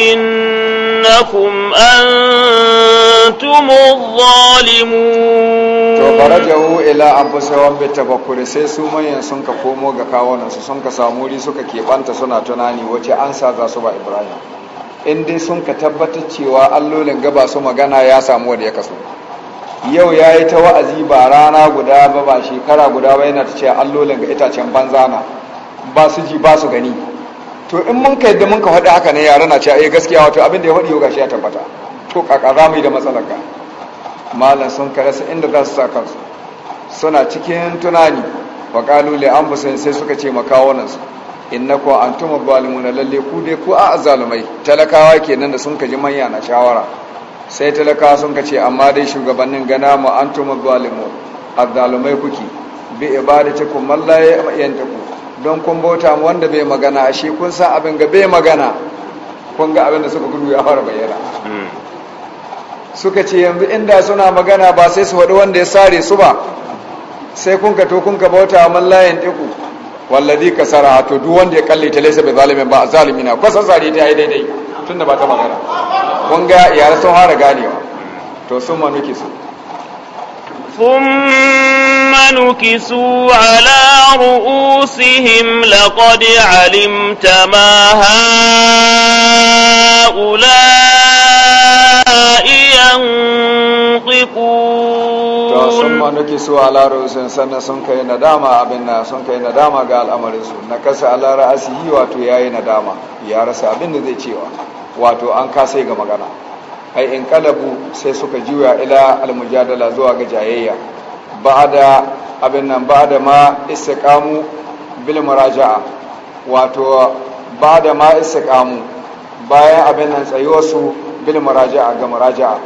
in أنكم أنتم الظالمون to farajahu ila anfusihim bi tafakkuri sai su manyan sun ka komo ga kawunan su sun ka samu ri suka keɓanta suna tunani wace ansa za su ba Ibrahim in dai sun ka tabbatar cewa allolin gaba su magana ya samu wanda ya kaso yau ya yi ta wa'azi ba rana guda ba ba shekara guda ba yana ta ce allolin ga itacen banzana ba su ji ba su gani to in mun ka yadda mun ka faɗi haka ne yara na cewa eh gaskiya wato abin da ya faɗi yau gashi ya tabbata to kaka za mu yi da matsalar ka malam sun ka rasa inda za su sa kansu suna cikin tunani wa kalule an bu sai suka ce makawonan su innakum antum zalimuna lalle ku dai ku a azalumai? talakawa kenan da sun ka ji manya na shawara sai talakawa sun ka ce amma dai shugabannin gana mu antum zalimun azzalumai kuke bi ibadatikum mallaye la don kun bauta mu wanda bai magana shi kun sa abin ga bai magana kun ga abin da suka gudu ya fara bayyana hmm. suka ce yanzu inda suna magana ba sai su wadi wanda ya sare su ba sai kun ka to kun ka bauta wa mallayan ɗiku wallazi ka sara to duk wanda ya kalli ta laisa bai zalimin ba zalimi na kwasan sare ta yi daidai tunda ba ta magana kun ga yara sun fara ganewa to sun manuki su ثم نكسوا على رؤوسهم لقد علمت ما هؤلاء ينطقون ثم نكسوا على رؤوسهم سنة سنكي ندامة أبنا سنكي ندامة قال أمر نكس على رأسه واتو ياي ندامة يا رسى أبن ذي واتو أنكاسي magana. ai in kalabu sai suka juya ila almujadala zuwa ga jayayya ba'ada abin nan ba'ada ma istiqamu bil muraja'a wato ba'ada ma istiqamu bayan abin nan tsayuwar su bil muraja'a ga muraja'a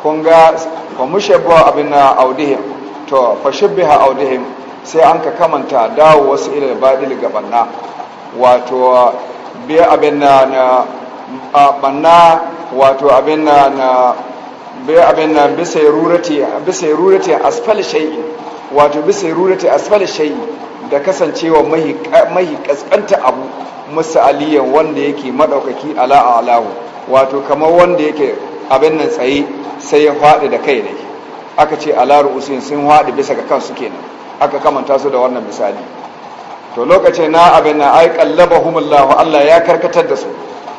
kun ga wa mushabba abin nan audihim to fa shubbiha audihim sai an ka kamanta dawo wasu ila badil gabanna wato biya abin na banna wato abinna na bai abinna bisa rurati asfal shayi wato bisa rurati asfal shayi da kasancewa mahi kaskanta abu musaliyan wanda yake madaukaki ala alahu wato kamar wanda yake abin nan tsaye sai ya faɗi da kai ne aka ce ala ru'usin sun faɗi bisa ga kansu kenan aka kamanta su da wannan misali to lokacin na abin na ai kallabahumullahu Allah ya karkatar da su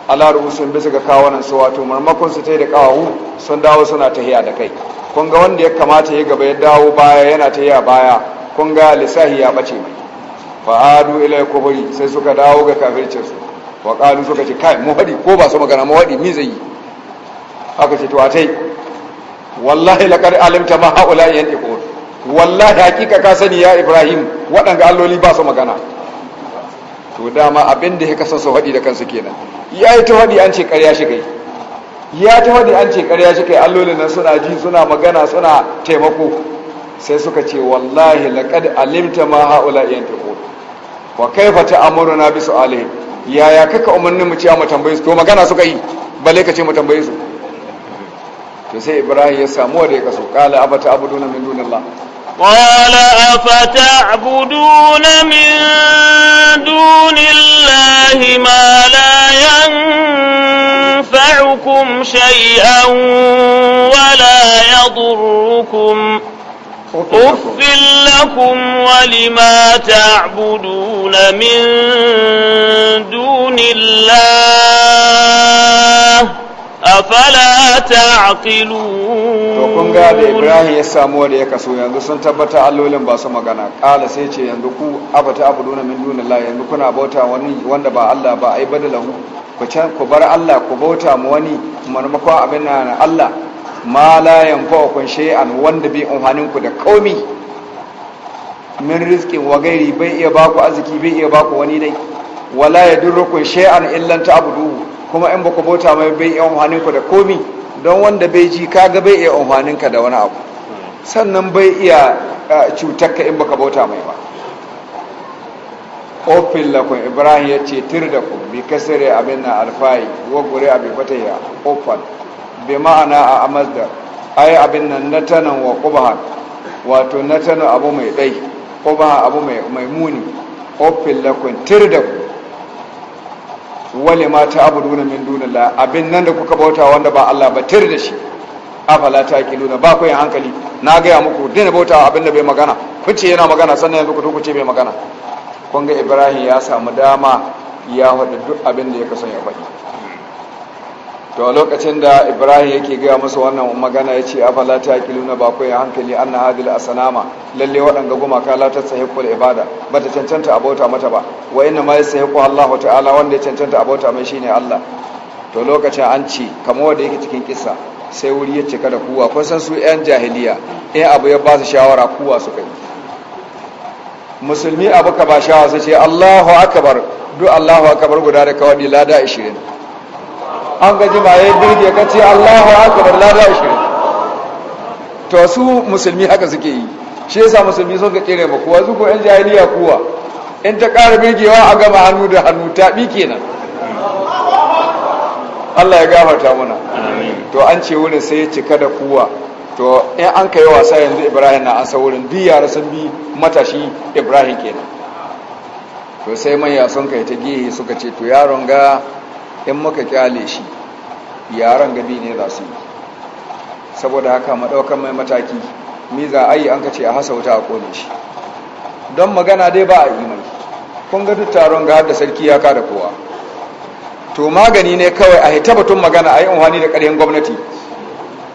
ala rubusun bisa ga nan su wato marmakon su tai da kawawu sun dawo suna tahiya da kai kun ga wanda ya kamata ya gaba ya dawo baya yana tahiya baya kun ga lisahi ya bace mai hadu ila kubri sai suka dawo ga kafircin su wa qalu suka ce kai mu hadi ko ba su magana mu hadi mi zai aka ce to atai wallahi laqad alimta ma haula ikun wallahi hakika ka sani ya ibrahim waɗanga alloli ba su magana to dama abin da ya kasa su haɗi da kansu kenan ya yi ta haɗi an ce ƙarya shi kai ya ta haɗi an ce ƙarya shi kai allolin nan suna ji suna magana suna taimako sai suka ce wallahi laqad alimta ma haula yan taqul wa kaifa ta'muruna bi su'alihim yaya kaka umarnin mu ce mu tambaye su to magana suka yi balle ka ce mu tambaye su to sai ibrahim ya samu wanda ya kaso qala abata abuduna min dunillah قال أفتعبدون من دون الله ما لا ينفعكم شيئا ولا يضركم أف لكم ولما تعبدون من دون الله afala ta'qilun to kun ga da Ibrahim ya samu wanda ya kaso yanzu sun tabbata allolin ba su magana kala sai ce yanzu ku abata abuduna min dunillahi yanzu kuna bauta wani wanda ba Allah ba ai badalahu ku can ku bar Allah ku bauta mu wani marmako abin na Allah ma la yanfa'ukum shay'an wanda bai umhanin ku da kaumi min rizqin wa ghairi bai iya baku arziki bai iya baku wani dai wala yadurrukum shay'an illan ta'buduhu kuma in baku bauta mai bai yi amfanin ku da komi don wanda bai ji kaga bai iya amfanin ka da wani abu sannan bai iya cutar ka in baka bauta mai ba ofin lakon ibrahim ya ce tir da ku bi kasire abin na alfayi wa gure abin fatayya ofan bi ma'ana a amazdar ai abin nan na tanan wa kubahan wato na tanan abu mai ɗai kubahan abu mai muni ofin lakon tir da ku wale ma ta abu nuna min la. abin nan da kuka bauta wanda ba Allah ba tir da shi afala ta kiluna ba ku yin hankali na gaya muku dina bauta abin da bai magana kuce yana magana sannan yanzu ku kuce bai magana kun ga Ibrahim ya samu dama ya hada duk abin da ya kasan ya faɗi to a lokacin da ibrahim yake gaya masa wannan magana ya ce afala ta na ba ku hankali an na hadil a sanama lalle waɗanda goma ka latar sahi kula ibada ba ta cancanta abota mata ba wa ina ma ya sahi ku allah ta'ala wanda ya cancanta abota mai shine allah to lokacin an ci kama wanda yake cikin kisa sai wuri ya cika da kuwa kun san su yan jahiliya in abu ya ba su shawara kuwa su kai musulmi abu ka ba shawara sai ce allahu akbar duk allahu Akabar guda da kawai lada 20 an gaji ma ya dirje ka ce Allahu akbar lada shi to su musulmi haka suke yi shi yasa musulmi sun ga kire ba kuwa zuko yan jahiliya kuwa in ta ƙara birgewa a gama hannu da hannu ta bi kenan Allah ya gafarta muna to an ce wurin sai ya cika da kuwa to in an kai wasa yanzu Ibrahim na an saurin wurin yara sun bi matashi Ibrahim kenan to sai manya sun kai ta gihe suka ce to yaron ga in muka kyale shi yaran gabi ne za su yi saboda haka maɗaukan mai mataki mi za a yi an ka ce a hasa wuta a kone shi don magana dai ba a yi mai kun ga duk taron ga da sarki ya kada kowa to magani ne kawai a hita batun magana a yi unhani da ƙarfin gwamnati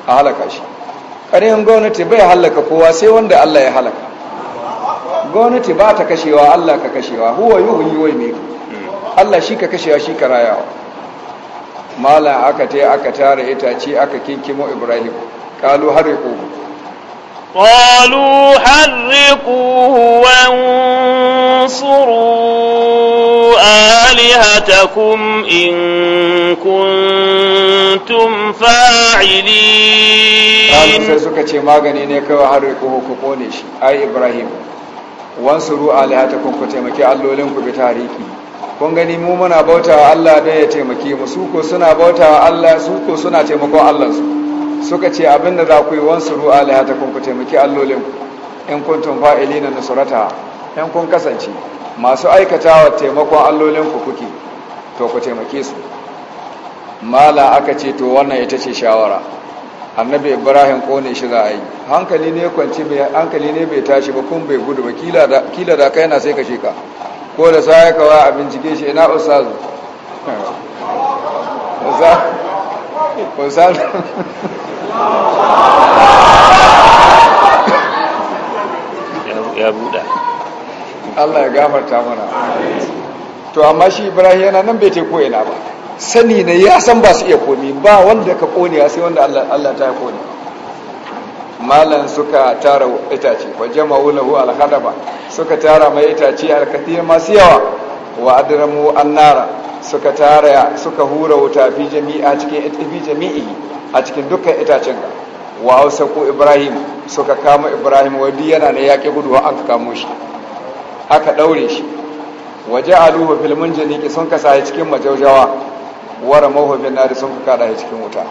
a halaka shi ƙarfin gwamnati bai halaka kowa sai wanda allah ya halaka gwamnati ba ta kashewa allah ka kashewa huwa yuhu yi wai mai allah shi ka kashewa shi ka rayawa malam aka ta aka tara ce aka kinkimo ibrahim kalu harriku قالوا حرقوه وانصروا آلهتكم إن Kalu sai suka ce magani ne kawai harriquhu ku kone shi ai ibrahim wansuru alihatakum ku taimaki allolinku bi tariki kun gani mu muna bauta wa Allah don ya taimake mu su ko suna bauta wa Allah su ko suna taimakon Allah su suka ce abin da za ku yi wansu ru'a ta kun ku taimaki allolin in kun kuntum fa'ilina surata in kun kasance masu aikatawa taimakon allolin ku kuke to ku taimake su mala aka ce to wannan ita ce shawara annabi ibrahim kone shi za a yi hankali ne kwanci hankali ne bai tashi ba kun bai gudu ba kila da kai na sai ka sheka ko da sa ya kawa a bincike shi ina ustazu ya buɗa Allah ya gafarta mana to amma shi ibrahim yana nan bai ce ko ina ba sani na ya san ba su iya komi ba wanda ka kone sai wanda Allah ta ya kone malan suka tara itace wa jama'u lahu alhadaba suka tara mai itace alkathir masu yawa wa adramu annara suka tara suka hura wuta fi jami'a cikin fi jami'i a cikin dukkan itacen wa ausaku ibrahim suka kama ibrahim wadi yana ne yaƙi guduwa an kamo shi aka daure shi waje aluhu fil munjaniki sun kasa cikin majaujawa wara mahu bin nari sun kada cikin wuta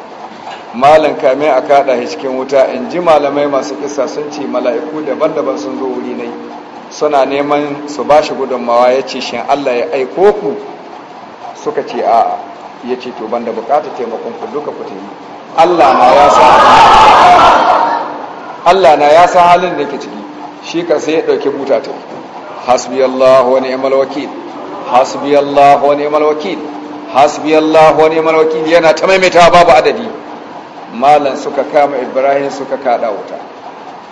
malin kame a kada shi cikin wuta in ji malamai masu kisa sun ce mala'iku daban-daban sun zo wuri ne suna neman su ba shi gudunmawa ya ce shi allah ya aiko ku suka ce a ya ce to ban da bukata taimakon ku duka ku taimi allah na ya sa allah na ya sa halin da ke ciki shi ka sai ya ɗauki buta ta hasbi allah wa ni'mal wakil hasbi allah wa ni'mal wakil hasbi allah wa ni'mal wakil yana ta maimaita babu adadi malan suka kama ibrahim suka kada wuta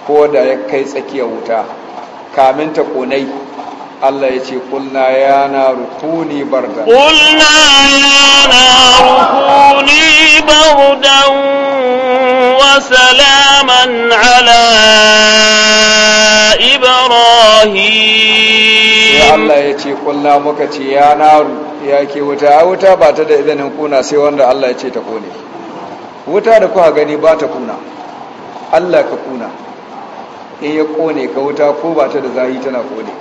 ko da ya kai tsakiyar wuta kamin ta konai Allah ya ce kulna ya na rukuni barda kulna ya na rukuni bardan wa salaman ala ibrahim Allah ya ce kulna muka ce ya naru ya ke wuta wuta ba ta da idanin kuna sai wanda Allah ya ce ta kone wuta da kuka gani ba ta kuna Allah ka kuna in ya kone ka wuta ko ba ta da zahi tana kone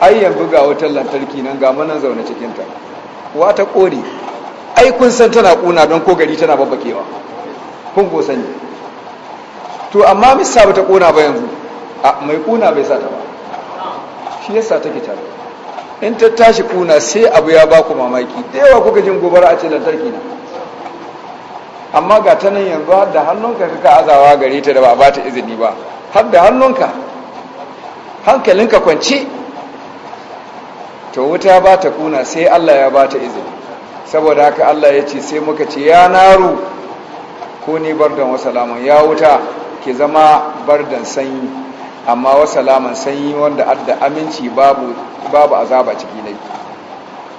ayyan buga wutar lantarki nan ga manan zaune cikinta wa ta kone ai kun san tana kuna don ko gari tana babbakewa kun ko sani to amma misa ba ta kona ba yanzu a mai kuna bai sa ta ba shi yasa take tare in ta tashi kuna sai abu ya ba ku mamaki da yawa kuka jin gobara a ce lantarki na amma ga ta nan yanzu har da hannunka kaka azawa gare ta da ba ta izini ba har da hannunka hankalinka kwanci to wuta ba ta kuna sai Allah ya ba ta izini saboda haka Allah ya ce sai muka ce ya naru ko ni bardan wasalamun ya wuta ke zama bardan sanyi amma wasalamun sanyi wanda adda aminci babu babu azaba ciki ne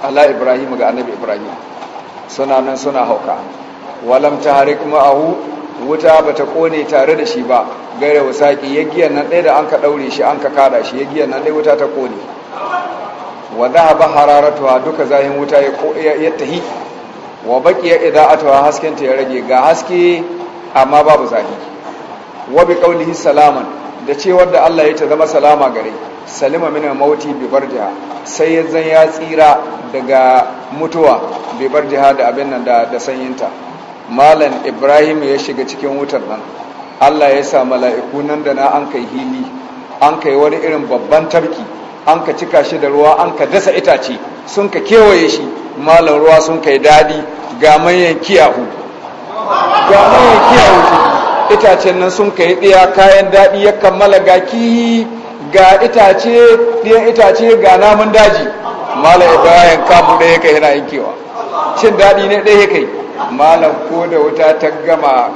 Allah Ibrahim ga annabi Ibrahim suna nan suna hauka walam taharik ma'ahu wuta ba ta kone tare da shi ba gaira wasaki giyan nan ɗaya da an ka ɗaure shi an ka kada shi giyan nan ɗaya wuta ta kone wa dhahaba hararatuha duka zahin wuta ya tahi wa baqiya a hasken ta ya rage ga haske amma babu zahi wa bi qawlihi salaman da cewar da Allah ya ta zama salama gare salima min mauti bi bardiha sai ya zan ya tsira daga mutuwa bi jiha da abin nan da sanyinta malam ibrahim ya shiga cikin wutar nan allah ya sa mala'iku nan da na an kai hili an kai wani irin babban tarki an ka cika shi da ruwa an ka dasa itace sun ka kewaye shi malam ruwa sun kai daɗi ga manyan kiyahu ga manyan kiyahu itacen nan sun kai ɗaya kayan daɗi ya kammala ga kihi ga itace ɗiyan itace ga namun daji malam ibrahim kamu ɗaya kai yana yankewa Cin daɗi ne ɗaya kai malam ko da wuta ta gama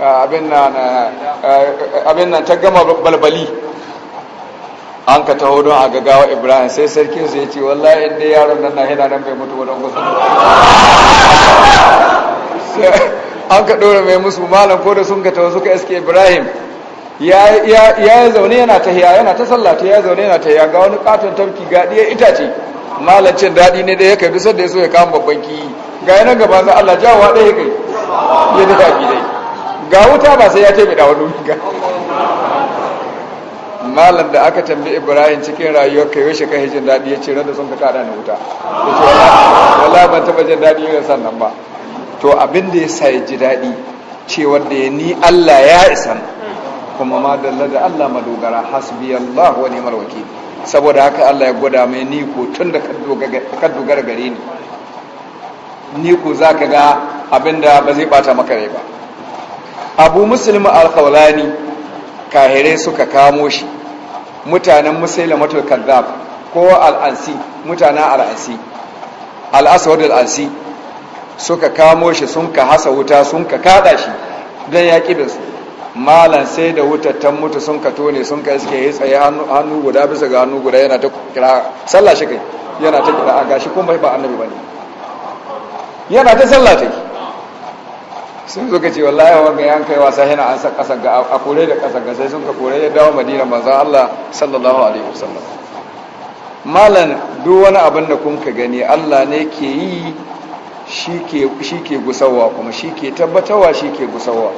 abin nan ta gama balbali an ka taho don a gagawa ibrahim sai sarkin su ya ce wallahi inda yaron nan na hina nan bai mutu wadon kusa an ka ɗora mai musu malam ko da sun ka taho suka iske ibrahim ya yi zaune yana ta hiya yana ta sallata ya zaune yana ta hiya ga wani katon tafki gaɗi ya itace malam cin daɗi ne da ya kai dusar da ya so ya kama babban kiyi ga yanar gaba za Allah jawowa ɗaya kai ya da dafi dai ga wuta ba sai ya ce mai dawo domin ga malam da aka tambi ibrahim cikin rayuwar kai wai shekai jin daɗi ya ce ran da sun ka kada na wuta ya ce Wala ban taɓa jin daɗi yin sannan ba to abin da ya sa ya ji daɗi cewar da ya ni Allah ya isan kuma ma dalla da Allah madogara hasbi Allah wa ni'mal wakil saboda haka Allah ya gwada mai ni ko tun da ka dogara gare ni niko za ka ga abinda ba zai bata maka rai ba abu musulmi khawlani kahire suka kamo shi mutanen musulmatul Kadhab ko al'ansi mutanen al'ansi al al'ansi suka kamo shi sun ka hasa wuta sun ka kada shi don yaki da su malan sai da ta mutu sun ka tone sun ka iske ya tsaye hannu guda bisa ga hannu guda yana ta kira sallah shi kai yana ta kira a gashi kuma ba annabi ba ne yana ta sallah take sun zo ka ce wallahi wanga yan kai wasa yana an san kasar ga a kore da kasar ga sai sun ka kore ya dawo madina manzo Allah sallallahu alaihi wasallam malan duk wani abin da kun ka gani Allah ne ke yi shi ke gusawa kuma shi ke tabbatawa shi ke gusawa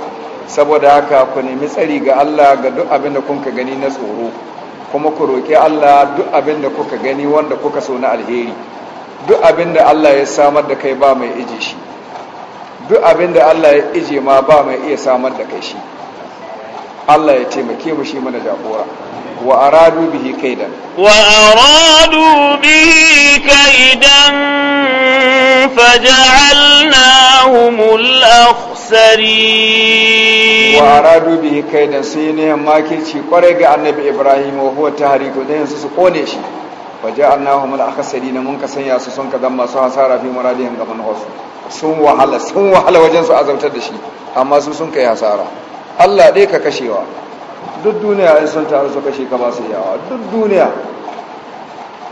saboda haka ku nemi tsari ga Allah ga duk abin da kun ka gani na tsoro kuma ku roƙi Allah duk abin da kuka gani wanda kuka so na alheri duk abin da Allah ya samar da kai ba mai ije shi duk abin da Allah ya ije ma ba mai iya samar da kai shi Allah ya taimake mu shi mana jagora wa aradu bihi kaidan wa aradu bihi kaidan faj'alnahumul akhsari wa aradu bihi kaidan sai ne makirci kwarai ga annabi Ibrahim wa huwa tahriku dan su kone shi waja'alnahum al na mun ka sanya su sun ka zama masu hasara fi muradihim ga manhasu sun wahala sun wahala wajen su azabtar da shi amma su sun kai hasara Allah dai ka kashewa duk duniya ai sun taru su kashe ka ba su yawa duk duniya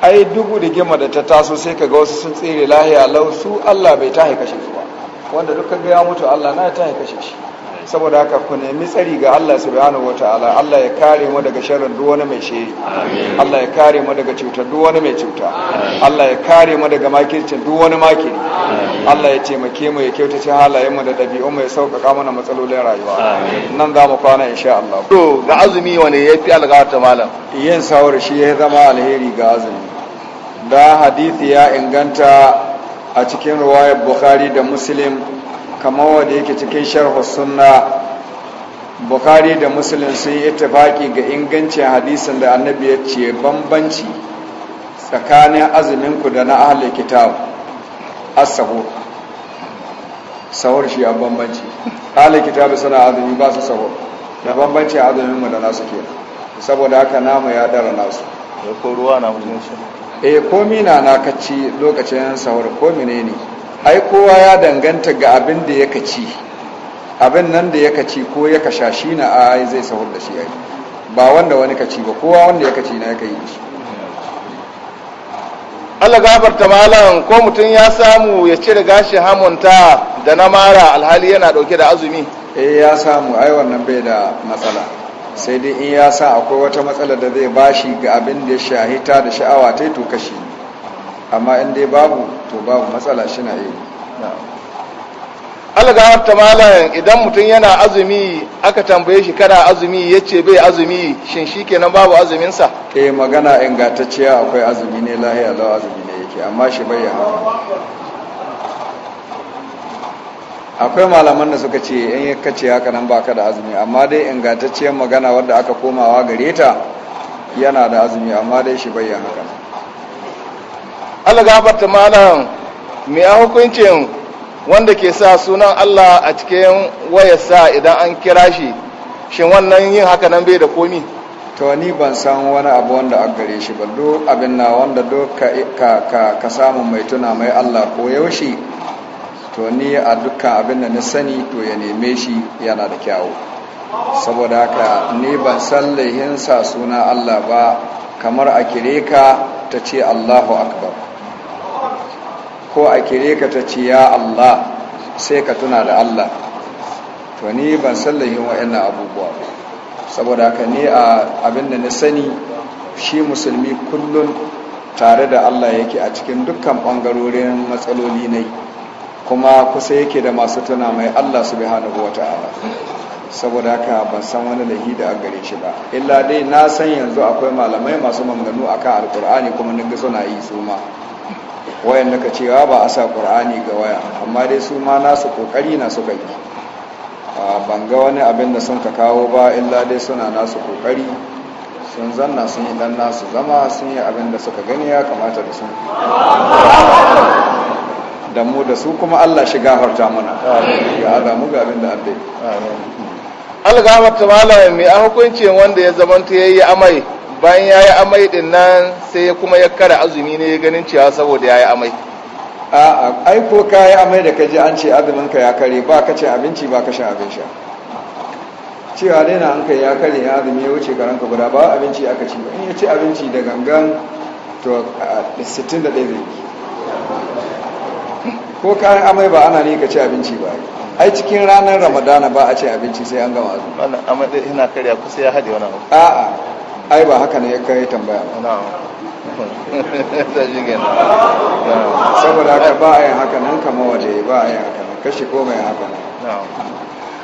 ai dubu da gima da ta taso sai ka ga wasu sun tsere lahiya lau Allah bai tahi kashe su ba wanda duk ka ga ya mutu Allah na ya tahi kashe shi saboda haka ku nemi tsari ga Allah subhanahu wataala Allah ya kare mu daga sharrin duk wani mai shiri Allah ya kare mu daga cutar duk wani mai cuta Allah ya kare mu daga makircin duk wani makiri Allah ya taimake mu ya kyautace halayen mu da ɗabi'un mu ya sauƙaƙa mana matsalolin rayuwa nan za mu kwana insha Allah to ga azumi wane yafi alƙawarta malam yin sawar shi ya zama alheri ga azumi da hadisi ya inganta a cikin riwayar Bukhari da Muslim kamar wanda yake cikin sharh sunna bukhari da muslim sun yi tafaki ga ingancin hadisin da annabi ya ce bambanci tsakanin azumin ku da na ahli kitab as-sahur sahur shi a bambanci ahli kitab suna azumi ba su sahur da bambanci azumin mu da nasu ke saboda haka namu ya dara nasu ko ruwa na mutum shi eh komi na na kacci lokacin sahur komi ne ne ai kowa ya danganta ga abin da ya kaci abin nan da ya ci ko ya sha shi na ai zai sahur da shi ai ba wanda wani ka ci ba kowa wanda ya ci na ya kai shi Allah ta malam ko mutum ya samu ya cire gashi hamunta da na mara alhali yana dauke da azumi eh ya samu ai wannan bai da matsala sai dai in ya sa akwai wata matsala da zai bashi ga abin da ya shahita da sha'awa yi to kashi amma in dai babu to babu matsala shi na yi algawar ta idan mutum yana azumi aka tambaye shi kana azumi ya ce bai azumi shin shi kenan babu azuminsa eh magana ingantacciya akwai azumi ne lahiya lau azumi ne yake amma shi bai yawa akwai malaman da suka ce in yi kace haka nan baka da azumi amma dai ingantacciyar magana wadda aka komawa gare ta yana da azumi amma dai shi bai haka Allah gafarta malam mai a hukuncin wanda ke sa sunan Allah a cikin wayarsa idan an kira shi shin wannan yin haka nan bai da komi to ni ban san wani abu wanda a gare shi ba duk abin na wanda duk ka ka samu mai tuna mai Allah ko yaushe to ni a dukkan abin da na sani to ya neme shi yana da kyawu saboda haka ni ban san laihinsa suna Allah ba kamar a kire ka ta ce Allahu akbar ko a kire ka ta ce ya Allah sai ka tuna da Allah to ni ban sallahin wa'annan abubuwa ba saboda ka ne a abin da na sani shi musulmi kullum tare da Allah yake a cikin dukkan ɓangarorin matsaloli ne kuma kusa yake da masu tuna mai Allah subhanahu wata'ala saboda haka ban san wani lahi da a gare shi ba illa dai na san yanzu akwai malamai masu manganu akan alkur'ani kuma ninga suna yi su wayan da ka cewa ah, ba a sa ƙur'ani ga waya amma dai su ma nasu ƙoƙari na suka yi ban ga wani abin da sun ka kawo ba illa dai suna nasu ƙoƙari sun zanna sun yi ɗan nasu zama sun yi abin da suka gani ya kamata da sun da mu da su kuma allah shi gafarta mana ya adamu ga abin da ta malamin mai a hukuncin wanda ya zamanta ya yi amai bayan ya yi amai din nan sai kuma ya kara azumi ne ganin cewa saboda ya yi amai a'a ai ko ka yi amai da kaji an ce azumin ka ya kare ba ka ce abinci ba ka sha abin sha cewa dai na an kai ya kare ya azumi ya wuce ka guda ba abinci aka ci in ya ci abinci da gangan to a 61 zai yi ko kayan amai ba ana ne ka ci abinci ba ai cikin ranar ramadana ba a ce abinci sai an gama azumi wannan amai ina karya kusa ya hade wani abu a'a ai ba haka ne ya kai tambaya saboda haka ba a yin haka nan kama waje ba a yin haka kashi ko mai haka nan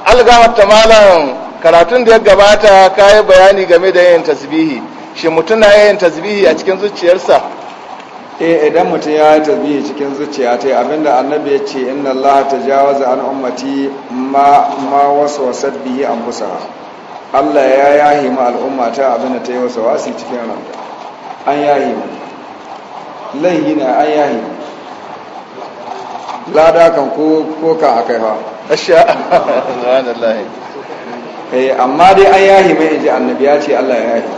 algamar tamalan karatun da ya gabata ka yi bayani game da yin tasbihi shi mutum na yin tasbihi a cikin zuciyarsa eh idan mutum ya yi tasbihi cikin zuciya ta abinda annabi ya ce inna allaha tajawaza an ummati ma ma waswasat bihi anfusaha Allah ya yahi ma al'umma ta abin da ta yi wasa wasi cikin ranta an yahi ma laihi na an yahi ma lada kan ko ka a kai ha eh, amma dai an yahi mai inji annabi ya ce Allah ya yahi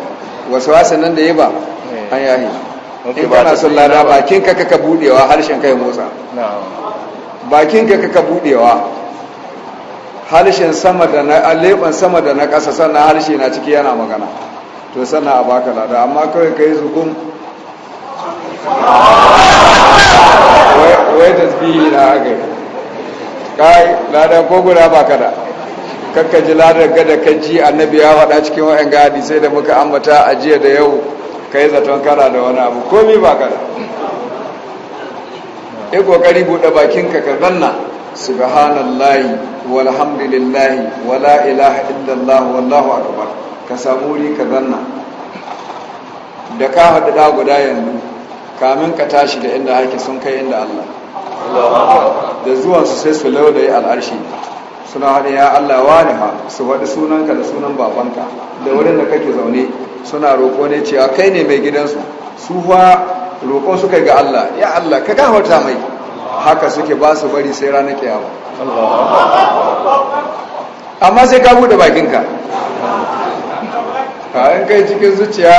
wasu wasan nan da ya ba eh. an yahi in kana son lada bakin ka kaka budewa harshen kai motsa bakin ka kaka budewa harshen sama da na leban sama da na ƙasa sannan harshe na ciki yana magana to sannan a baka lada amma kawai ka yi zukun wai bi na aka yi kai lada ko guda baka da kakka ji ladar gada ka ji annabi ya faɗa cikin wa'in gadi sai da muka ambata a jiya da yau ka yi zaton kara da wani abu komi baka da ya kokari buɗe bakinka ka zanna subhanallahi walhamdulillahi wala ilaha illallah wallahu akbar ka samu ri ka zanna da ka hadu da guda yanzu kamin ka tashi da inda hake sun kai inda Allah da zuwansu sai su yi al'arshi suna haɗe ya Allah wani ha su faɗi sunanka da sunan babanka da wurin da kake zaune suna roƙo ne cewa kai ne mai gidansu su fa roƙo suka ga Allah ya Allah ka gafarta mai haka suke ba su bari sai ranar yawa amma sai ka bude bakinka a yin kai cikin zuciya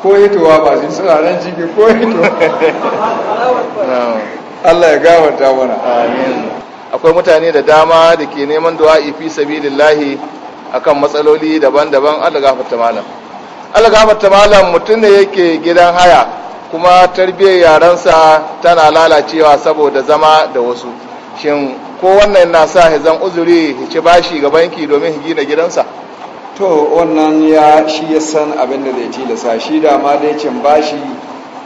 ko hituwa ba su nan ciki ko hituwa Allah ya gawata mana akwai mutane da dama da ke neman du'a'i fi sabilillahi akan matsaloli daban-daban Allah gafarta malam Allah gafarta malam mutum ne yake gidan haya kuma tarbiyyar yarensa tana lalacewa saboda zama da wasu shin ko wannan na sa zan uzuri ci bashi ga banki domin gina gidansa to wannan ya shi ya san abin da zai tilasa shi da ma dai cin bashi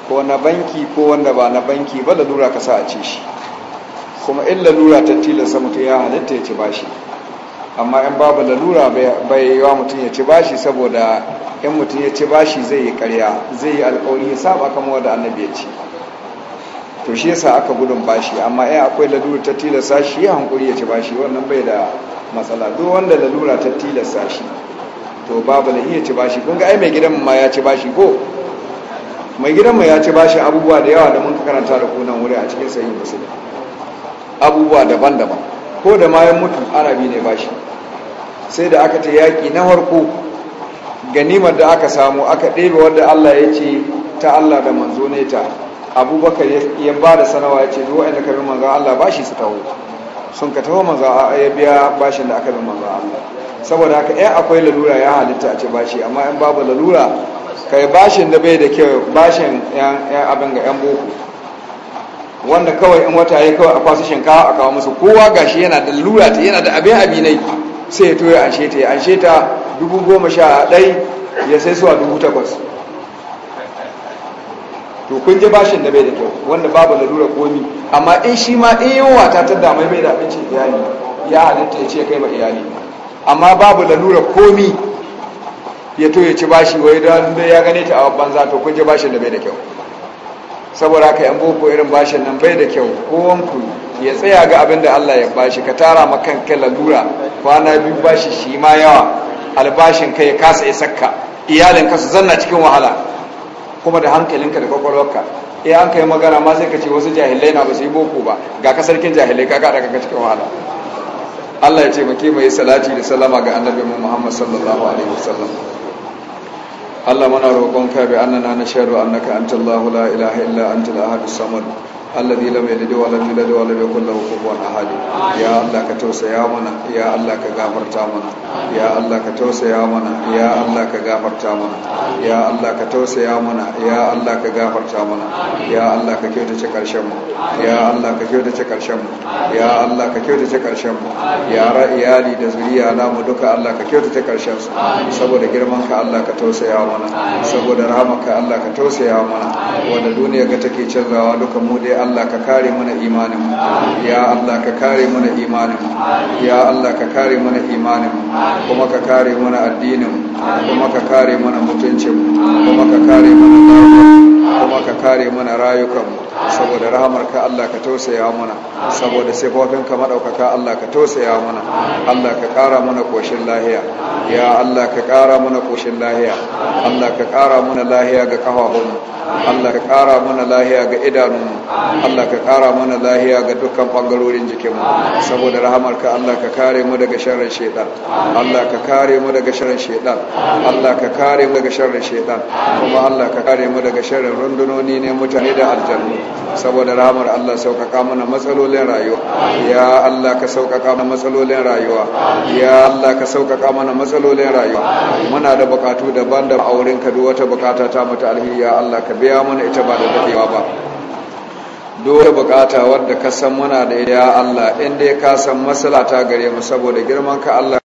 ko na banki ko wanda ba na banki ba lalura ka sa a ce shi kuma in lalura ta tilasa mutum ya halitta ya ci bashi amma in babu lalura bai yi wa mutum ya ci bashi saboda in mutum ya ci bashi zai yi karya zai yi alkawari ya saba kama wadda annabi ya ci to shi yasa aka gudun bashi amma ya akwai lalura ta tilasta shi ya hankuri ya ci bashi wannan bai da matsala duk wanda lalura ta tilasta shi to babu da iya ci bashi kun ga ai mai gidan ma ya ci bashi ko mai gidan ma ya ci bashi abubuwa da yawa da mun karanta da kunan wuri a cikin sahihin musulmi abubuwa daban-daban ko da ma mutum mutu arabi ne bashi sai da aka ta yaƙi na harko ganimar da aka samu aka ɗebe wadda allah ya ce ta allah da manzo ne ta abubakar ya ba da sanawa ya ce zuwa inda ka bin manzo allah bashi su taho sun ka taho manzo ya biya bashin da aka bin manzo allah saboda haka yan eh, akwai lalura ya halitta a ce bashi amma in babu lalura kai bashin da bai da kyau bashin yan abin ga yan boko wanda kawai in wata yi kawai a kwasa shinkawa a kawo musu kowa gashi yana da lura ta yana da abin abinai sai ya toye anshe ta ya anshe ta dubu goma sha ɗai ya sai suwa dubu takwas to kun ji bashin da bai da kyau wanda babu lura komi amma in shi ma in yi wata ta damai bai da abinci iyali ya halitta ya ce kai ma iyali amma babu lura komi ya toye ci bashi wai da ya gane ta a banza to kun ji bashin da bai da kyau saboda ka yan boko irin bashin nan bai da kyau kowanku ya tsaya ga abin da Allah ya bashi ka tara kai lalura kwana biyu bashi shi ma yawa albashin ka ya kasa isakka iyalin ka su zanna cikin wahala kuma da hankalinka da kwakwalwarka eh an kai magana ma sai ka ce wasu jahilai na ba su yi boko ba ga ka sarkin jahilai ka kada ka cikin wahala Allah ya ce maki ke mai salati da salama ga annabi Muhammad sallallahu alaihi wasallam Allah muna roƙonka bi annana nashhadu annaka antallahu la ilaha illa antal ahadus samad alladhi lam yalid wa lam yulad wa lam yakul lahu kufuwan ahad ya Allah ka tausaya mana ya Allah ka gafarta mana ya Allah ka tausaya mana ya Allah ka gafarta mana ya Allah ka tausaya mana ya Allah ka gafarta mana ya Allah ka ce karshen mu ya Allah ka ce karshen mu ya Allah ka ce karshen mu yara iyali da zuriya namu duka Allah ka ce karshen su saboda girman ka Allah ka tausaya mana saboda rahama ka Allah ka tausaya mana wanda duniya ga take canzawa duka mu dai Allah ka kare mana imanin mu ya Allah ka kare mana imanin mu ya Allah ka kare mana imanin mu kuma ka kare mana addinin mu kuma ka kare mana mutuncin mu kuma ka kare mana kuma ka kare mana rayukan mu saboda rahamarka Allah ka tausaya mana saboda sifofinka madaukaka Allah ka tausaya mana Allah ka kara mana koshin lahiya ya Allah ka kara mana koshin lahiya Allah ka kara mana lahiya ga kafafun Allah ka kara mana lahiya ga idanun Allah ka kara mana lahiya ga dukkan bangarorin jikinmu saboda rahamarka Allah ka kare mu daga sharrin shaytan Allah ka kare mu daga sharrin shaytan Allah ka kare mu daga sharrin shaytan kuma Allah ka kare mu daga sharrin rundunoni ne mutane da aljannu saboda ramar Allah sauƙaƙa mana matsalolin rayuwa ya Allah ka sauƙaƙa mana matsalolin rayuwa ya Allah ka sauƙaƙa mana matsalolin rayuwa muna da bukatu daban da auren ka duk wata bukata ta mata alhi ya Allah ka biya mana ita ba da dadewa ba dole bukata wadda ka san muna da ya Allah inda ka san masala ta gare mu saboda girman ka Allah